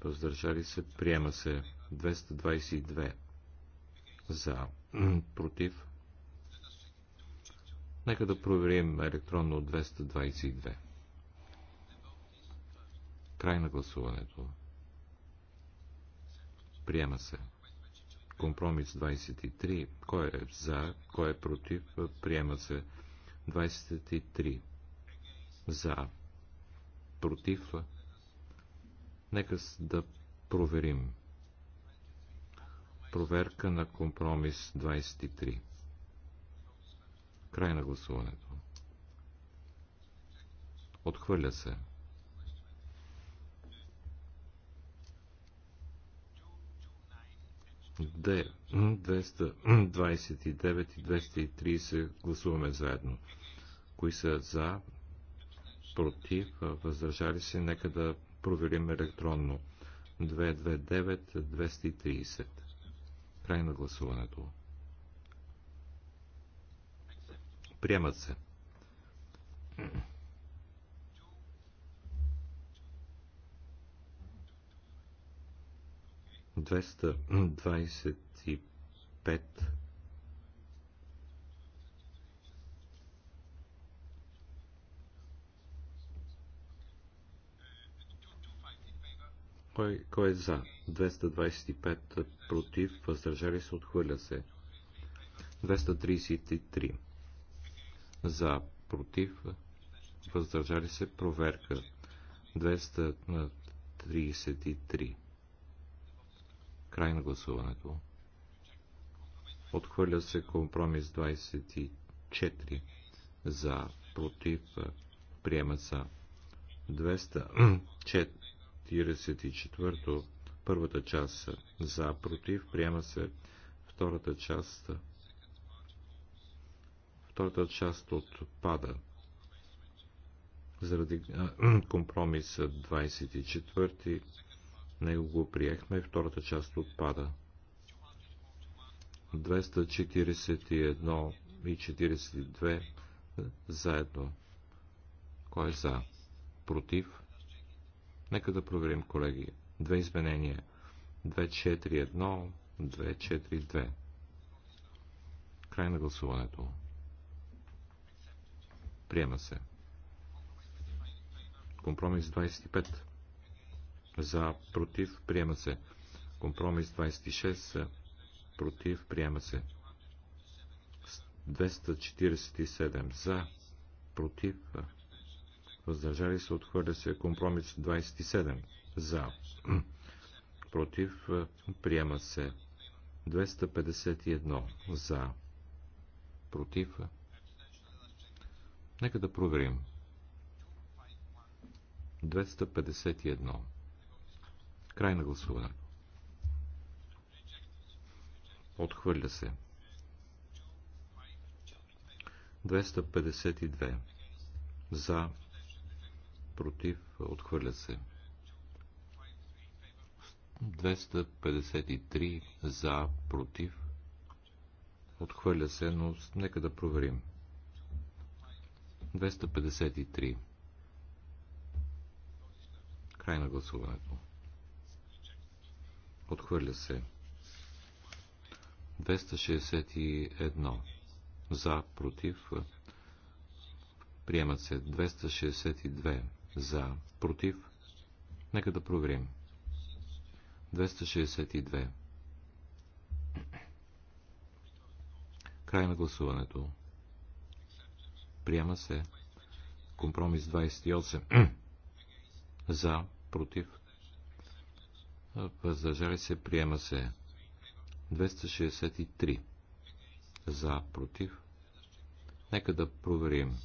Въздържали се. Приема се. 222. За. Против. Нека да проверим електронно 222. Край на гласуването. Приема се. Компромис 23. Кой е за, кой е против? Приема се. 23. За. Против. Нека да проверим. Проверка на компромис 23. Край на гласуването. Отхвърля се. Д, 229 и 230 гласуваме заедно. Кои са за, против, въздържали се, нека да проверим електронно. 229, 230. Край на гласуването. Приемат се. 225 кой, кой е за? 225 против, въздържали се, отхвърля се. 233 за, против, въздържали се, проверка. 233 Край на гласуването. Отхвърля се компромис 24 за против. Приема са 244 първата част за против. Приема се втората част. Втората част отпада заради компромиса 24 него го приехме, втората част отпада. 241 и 42 заедно. Кой е за? Против? Нека да проверим, колеги. Две изменения. 241, 242. Край на гласуването. Приема се. Компромис 25 за, против, приема се. Компромис 26, против, приема се. 247 за, против, въздържали се, отхвърля се. Компромис 27 за, против, приема се. 251 за, против. Нека да проверим. 251 Край на гласуване. Отхвърля се. 252. За. Против. Отхвърля се. 253 за, против. Отхвърля се, но нека да проверим. 253. Край на гласуването. Отхвърля се. 261 за, против. Приемат се 262 за, против. Нека да проверим. 262. Край на гласуването. Приема се. Компромис 28. за, против въздържали се, приема се. 263 за, против. Нека да проверим.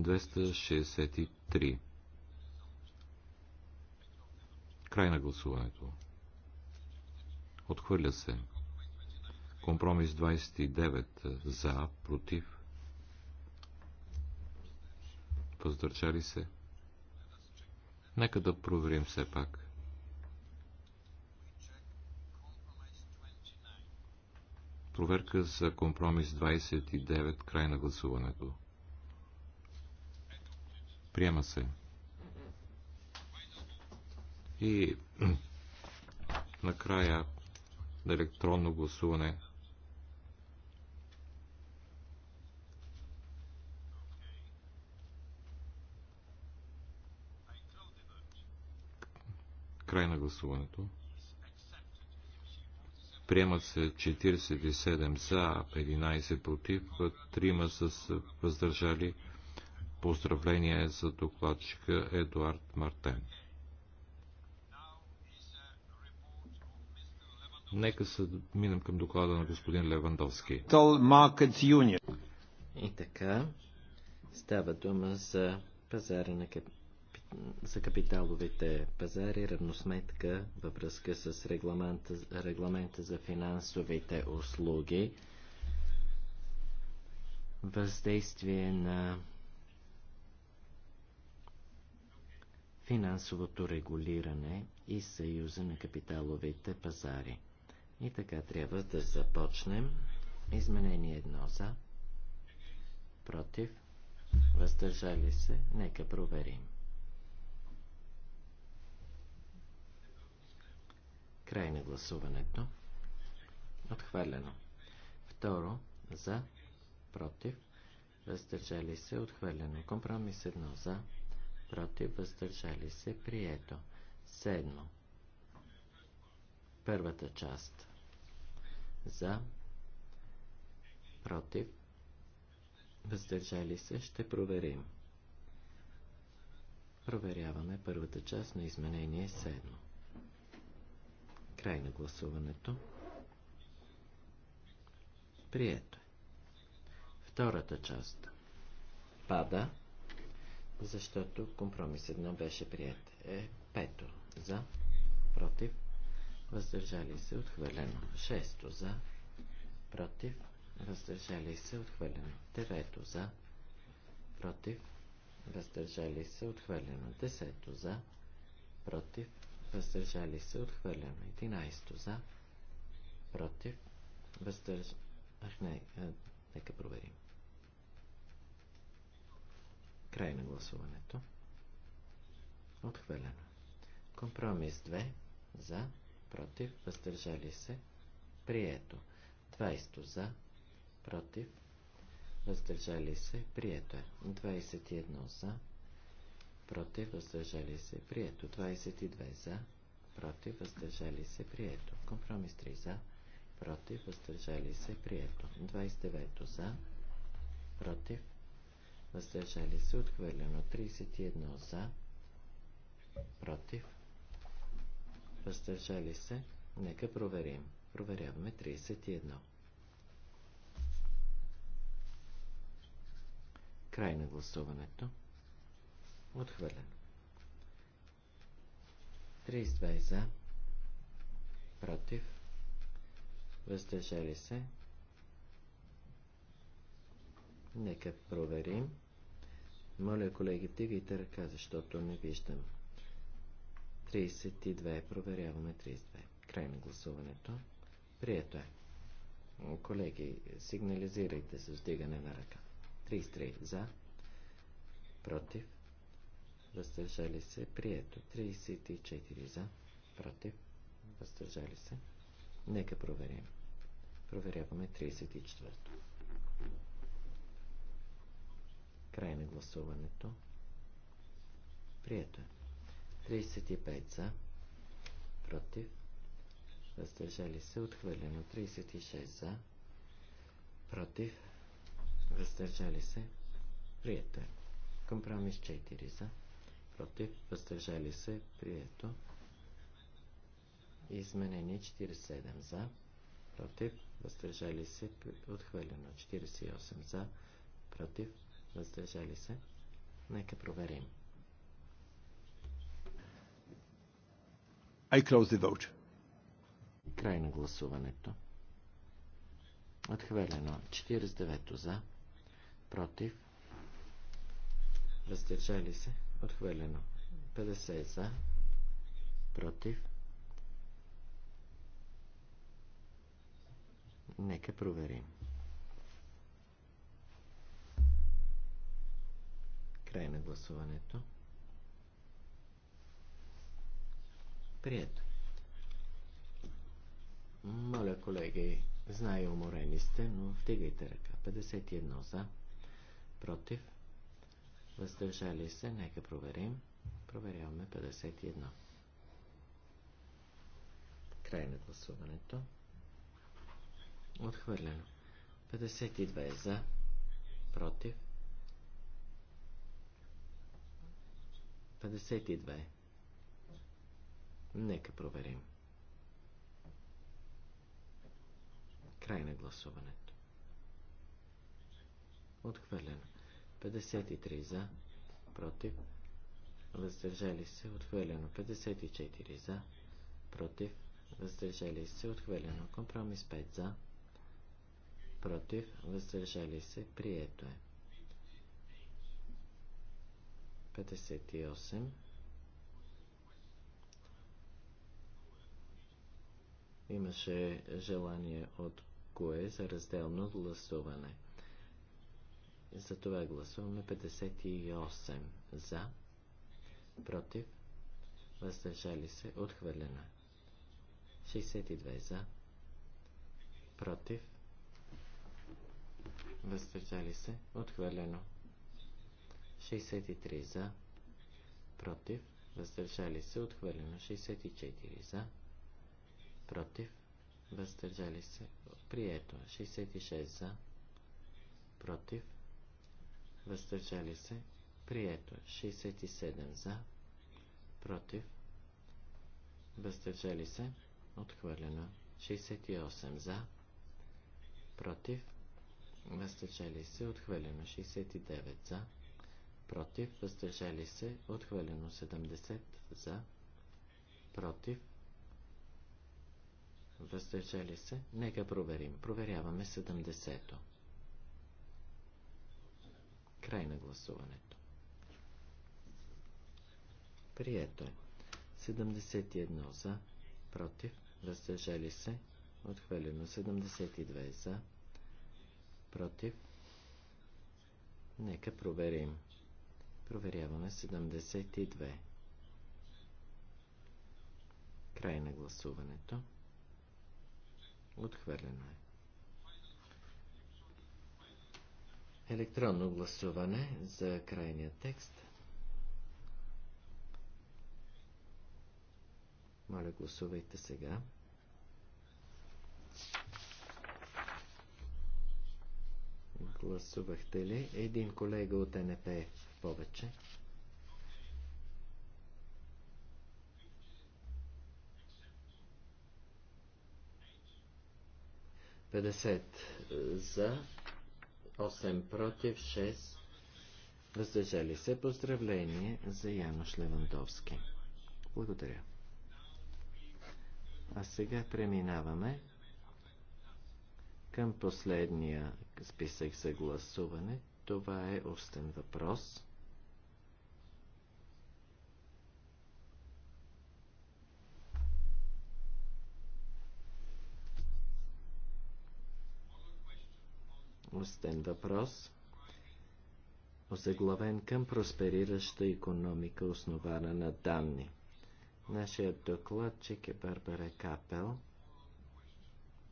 263 Край на гласуването. Отхвърля се. Компромис 29 за, против. Въздържали се. Нека да проверим все пак. Проверка за компромис 29, край на гласуването. Приема се. И накрая на електронно гласуване. Край на гласуването. Приемат се 47 за, 11 против, 3 с въздържали. Поздравление за докладчика Едуард Мартен. Нека се минем към доклада на господин Левандовски. И така, става дума за пазара на капитал за капиталовите пазари, равносметка във връзка с регламента, регламента за финансовите услуги, въздействие на финансовото регулиране и съюза на капиталовите пазари. И така трябва да започнем. Изменение едно за, против, въздържали се, нека проверим. Край на гласуването. Отхвърлено. Второ. За. Против. Въздържали се. Отхвърлено. Компромис едно. За. Против. Въздържали се. Прието. Седмо. Първата част. За. Против. Въздържали се. Ще проверим. Проверяваме първата част на изменение седмо. Край на гласуването. Прието е. Втората част пада, защото компромис едно беше прият. Е, пето за, против, въздържали се, отхвърлено. Шесто за, против, въздържали се, отхвърлено. Девето за, против, въздържали се, отхвърлено. Десето за, против, въздържали се, отхвърляме. 11 за, против, Въздържа. Ах, не, а, нека проверим. Край на гласуването. Отхвърлено. Компромис 2. За. Против. Въздържали се. Прието. 20 за. Против. Въздържали се. Прието е. 21 за против, въздържали се, прието. 22 за, против, въздържали се, прието. Компромис 3 за, против, въздържали се, прието. 29 за, против, въздържали се, отхвърлено. 31 за, против, въздържали се, нека проверим. Проверяваме 31. Край на гласуването. Отхвърлено. 32 за. Против. Въздържали се. Нека проверим. Моля колегите, вите ръка, защото не виждам. 32. Проверяваме 32. Край на гласуването. Прието е. Колеги, сигнализирайте с вдигане на ръка. 33 за. Против въздържали се, прието. 34 за, против, въздържали се. Нека проверим. Проверяваме 34-то. Край на гласуването. Прието е. 35 за, против, въздържали се, отхвърлено. 36 за, против, въздържали се, прието е. Компромис 4 за, против, въздържали се, прието. Изменение 47 за, против, въздържали се, отхвърлено. 48 за, против, въздържали се. Нека проверим. I close the vote. Край на гласуването. Отхвърлено. 49 за, против, въздържали се. Отхвърлено. 50 за. Против. Нека проверим. Край на гласуването. Прието. Моля, колеги, знае уморени сте, но вдигайте ръка. 51 за, против въздържали се, нека проверим. Проверяваме 51. Край на гласуването. Отхвърлено. 52 за, против. 52. Нека проверим. Край на гласуването. Отхвърлено. 53 за, против, въздържали се, отхвърлено. 54 за, против, въздържали се, отхвърлено. Компромис 5 за, против, въздържали се, прието е. 58 Имаше желание от кое за разделно гласуване. Затова гласуваме 58 за, против, въздържали се, отхвърлена. 62 за, против, въздържали се, отхвърлено. 63 за, против, въздържали се, отхвърлено. 64 за, против, въздържали се, прието. 66 за, против, въздържали се, прието. 67 е. за, против, въздържали се, отхвърлено. 68 за, против, въздържали се, отхвърлено. 69 за, против, въздържали се, отхвърлено. 70 за, против, въздържали се, нека проверим. Проверяваме 70-то. Край на гласуването. Прието е. 71 за, против, въздържали се, отхвърлено. 72 за, против. Нека проверим. Проверяваме 72. Край на гласуването. Отхвърлено е. Електронно гласуване за крайния текст. Моля, гласувайте сега. Гласувахте ли? Един колега от НП повече. Пятьдесят за 8 против, 6 въздържали се. Поздравление за Янош Левандовски. Благодаря. А сега преминаваме към последния списък за гласуване. Това е устен въпрос. устен въпрос, озаглавен към просперираща економика, основана на данни. Нашият докладчик е Барбара Капел.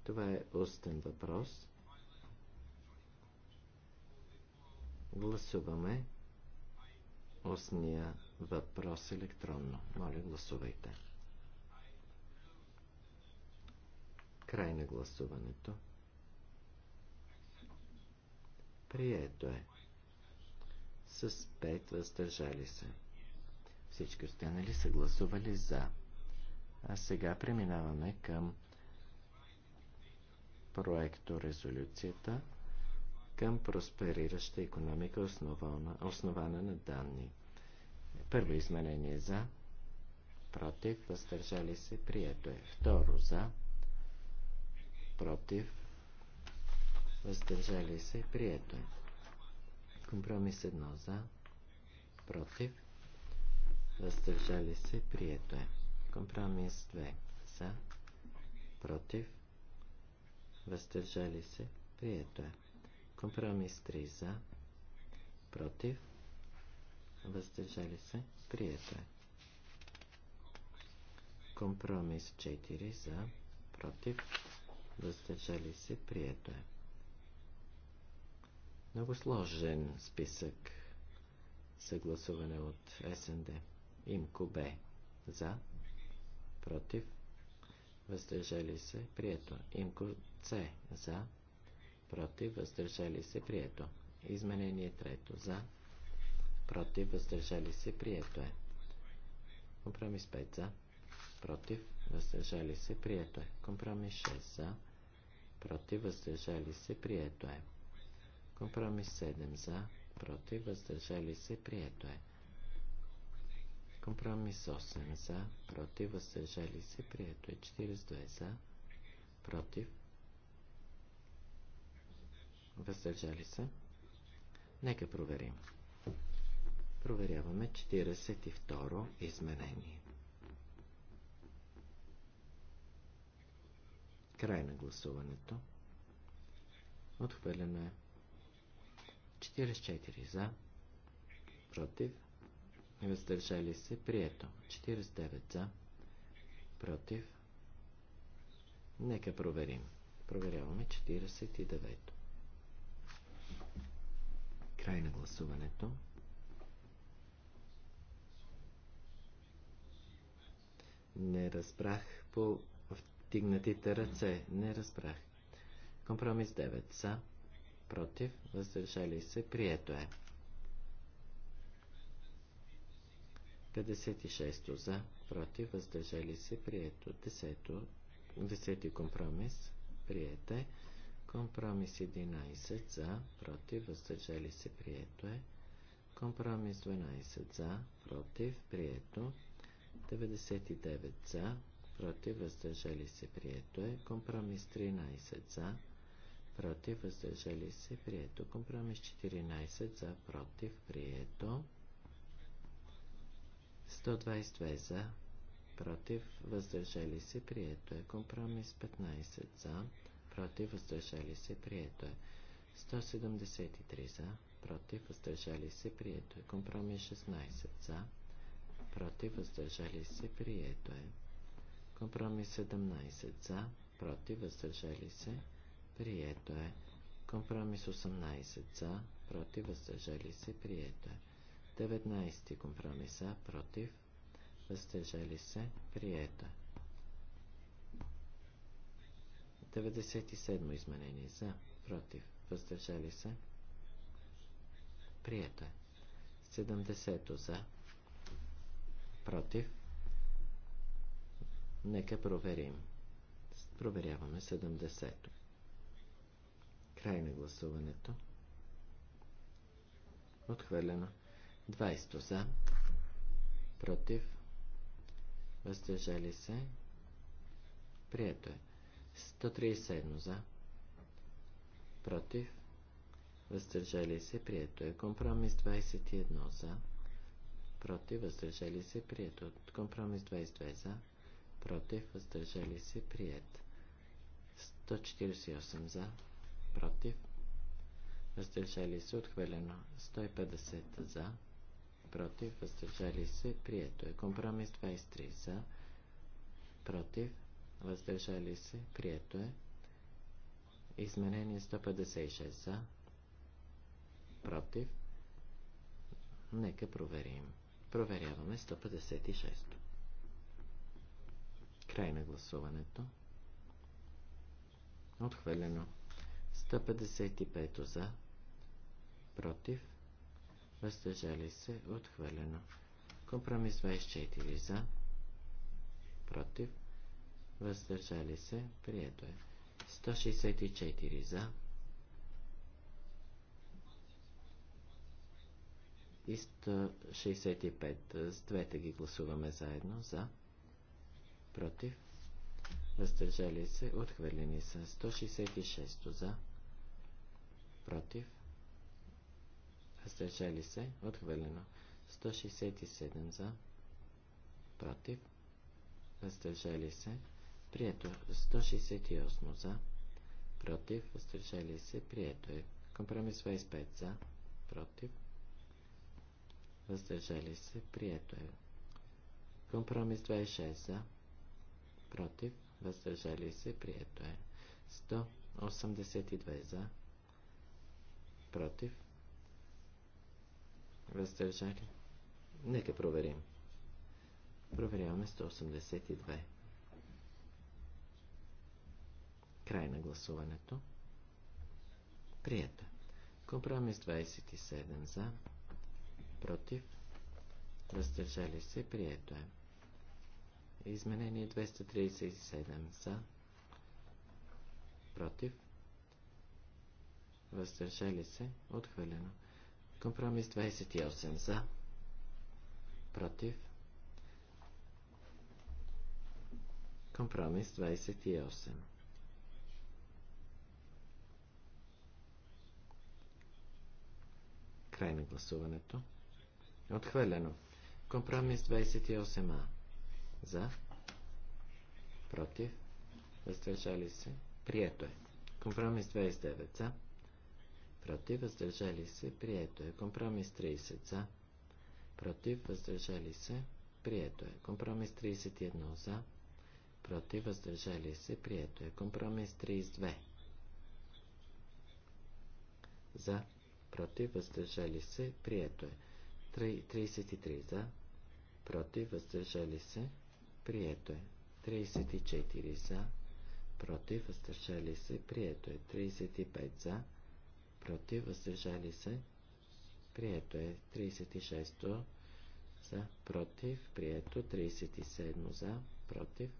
Това е устен въпрос. Гласуваме устния въпрос електронно. Моля, гласувайте. Край на гласуването. Прието е. С 5 въздържали се. Всички останали са гласували за. А сега преминаваме към проекто резолюцията към просперираща економика, основана, основана на данни. Първо изменение за, против, въздържали се, прието е. Второ за, против, въздържали се, прието е. Компромис 1 за, против, въздържали се, прието е. Компромис 2 за, против, въздържали се, прието е. Компромис 3 за, против, въздържали се, прието е. Компромис 4 за, против, въздържали се, прието е. Много сложен списък съгласуване от СНД. Имко Б. За. Против. Въздържали се. Прието. Имко С. За. Против. Въздържали се. Прието. Изменение трето. За. Против. Въздържали се. Прието е. Компромис 5 за. Против. Въздържали се. Прието е. Компромис 6 за. Против. Въздържали се. Прието е. Компромис 7 за, против, въздържали се, прието е. Компромис 8 за, против, въздържали се, прието е. 42 за, против, въздържали се. Нека проверим. Проверяваме 42 изменение. Край на гласуването. Отхвърлено е. 44 за, против, въздържали се, прието. 49 за, против. Нека проверим. Проверяваме 49. Край на гласуването. Не разбрах по вдигнатите ръце. Не разбрах. Компромис 9 са против, въздържали се, прието е. 56 за, против, въздържали се, прието. 10, 10 компромис, прието е. Компромис 11 за, против, въздържали се, прието е. Компромис 12 за, против, прието. 99 за, против, въздържали се, прието е. Компромис 13 за, против, въздържали се, прието. Компромис 14 за, против, прието. 122 за, против, въздържали се, прието е. Компромис 15 за, против, въздържали се, прието е. 173 за, против, въздържали се, прието е. Компромис 16 за, против, въздържали се, прието е. Компромис 17 за, против, въздържали се, прието е. Прието е. Компромис 18 за, против, въздържали се, прието е. 19 компромиса, против, въздържали се, прието е. 97 изменение за, против, въздържали се, прието е. 70 за, против, нека проверим. Проверяваме 70-то. Край на гласуването. Отхвърлено. 20 за. Против. Въздържали се. Прието е. 137 за. Против. Въздържали се. Прието е. Компромис 21 за. Против. Въздържали се. Прието. Компромис 22 за. Против. Въздържали се. Прието. 148 за против, въздържали се, отхвърлено 150 за, против, въздържали се, прието е. Компромис 23 за, против, въздържали се, прието е. Изменение 156 за, против. Нека проверим. Проверяваме 156. Край на гласуването. Отхвърлено. 155 за, против, въздържали се, отхвърлено. Компромис 24 за, против, въздържали се, прието е. 164 за и 165. С двете ги гласуваме заедно за, против, въздържали се, отхвърлени са 166 за, против, въздържали се, отхвърлено. 167 за, против, въздържали се, прието. 168 за, против, въздържали се, прието е. Компромис 25 за, против, въздържали се, прието е. Компромис 26 за, против, въздържали се, прието е. 182 за, против, въздържали. Нека проверим. Проверяваме 182. Край на гласуването. Прията. Компромис 27 за, против, въздържали се, прието е. Изменение 237 за, против, въздържали се, отхвърлено. Компромис 28 за, против. Компромис 28. Край на гласуването. Отхвърлено. Компромис 28а. За. Против. Въздържали се. Прието е. Компромис 29 за против, въздържали се, прието е. Компромис 30 за, против, въздържали се, прието е. Компромис 31 за, против, въздържали се, прието е. Компромис 32 за, против, въздържали се, прието е. 33 за, против, въздържали се, прието е. 34 за, против, въздържали се, прието е. 35 за, против, въздържали се, прието е 36 за, против, прието 37 за, против,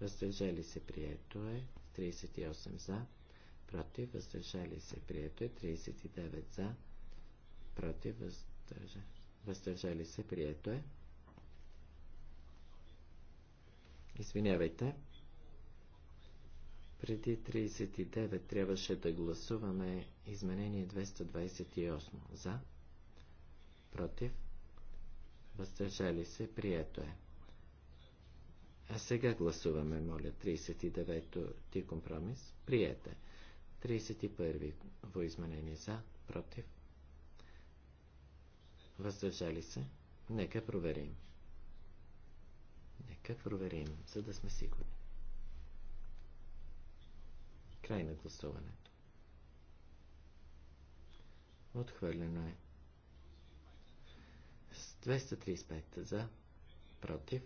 въздържали се, прието е 38 за, против, въздържали се, прието е 39 за, против, въздържа, въздържали се, прието е. Извинявайте преди 39 трябваше да гласуваме изменение 228. За? Против? Въздържали се? Прието е. А сега гласуваме, моля, 39-то ти компромис. Прието е. 31-во изменение за? Против? Въздържали се? Нека проверим. Нека проверим, за да сме сигурни. Край на гласуването. Отхвърлено е. С 235 за, против,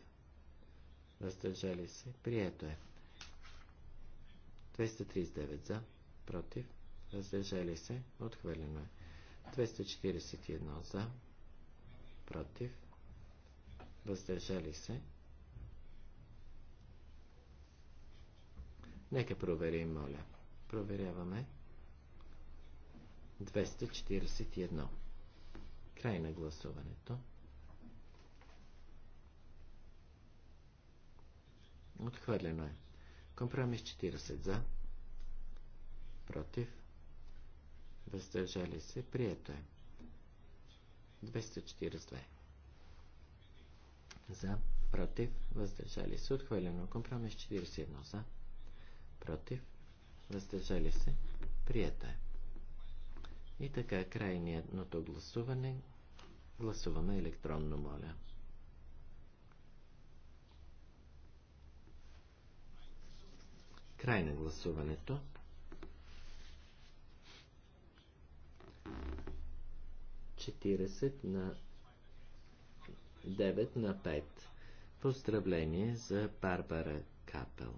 въздържали се, прието е. 239 за, против, въздържали се, отхвърлено е. 241 за, против, въздържали се, Нека проверим, моля. Проверяваме. 241. Край на гласуването. Отхвърлено е. Компромис 40 за. Против. Въздържали се. Прието е. 242. За. Против. Въздържали се. Отхвърлено. Компромис 41 за против, въздържали се, прието е. И така, крайният гласуване. Гласуваме електронно, моля. Край на гласуването. Четиридесет на 9 на 5. Поздравление за Барбара Капел.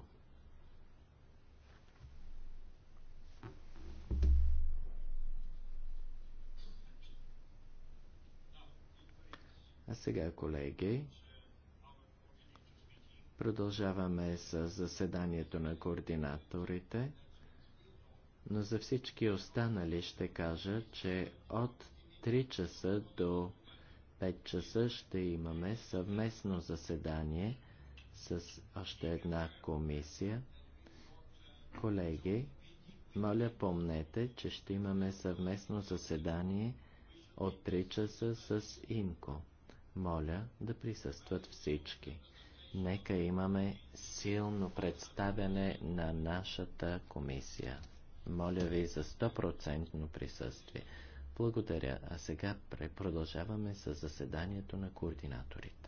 А сега, колеги, продължаваме с заседанието на координаторите, но за всички останали ще кажа, че от 3 часа до 5 часа ще имаме съвместно заседание с още една комисия. Колеги, моля помнете, че ще имаме съвместно заседание от 3 часа с Инко моля да присъстват всички. Нека имаме силно представяне на нашата комисия. Моля ви за 100% присъствие. Благодаря, а сега продължаваме с заседанието на координаторите.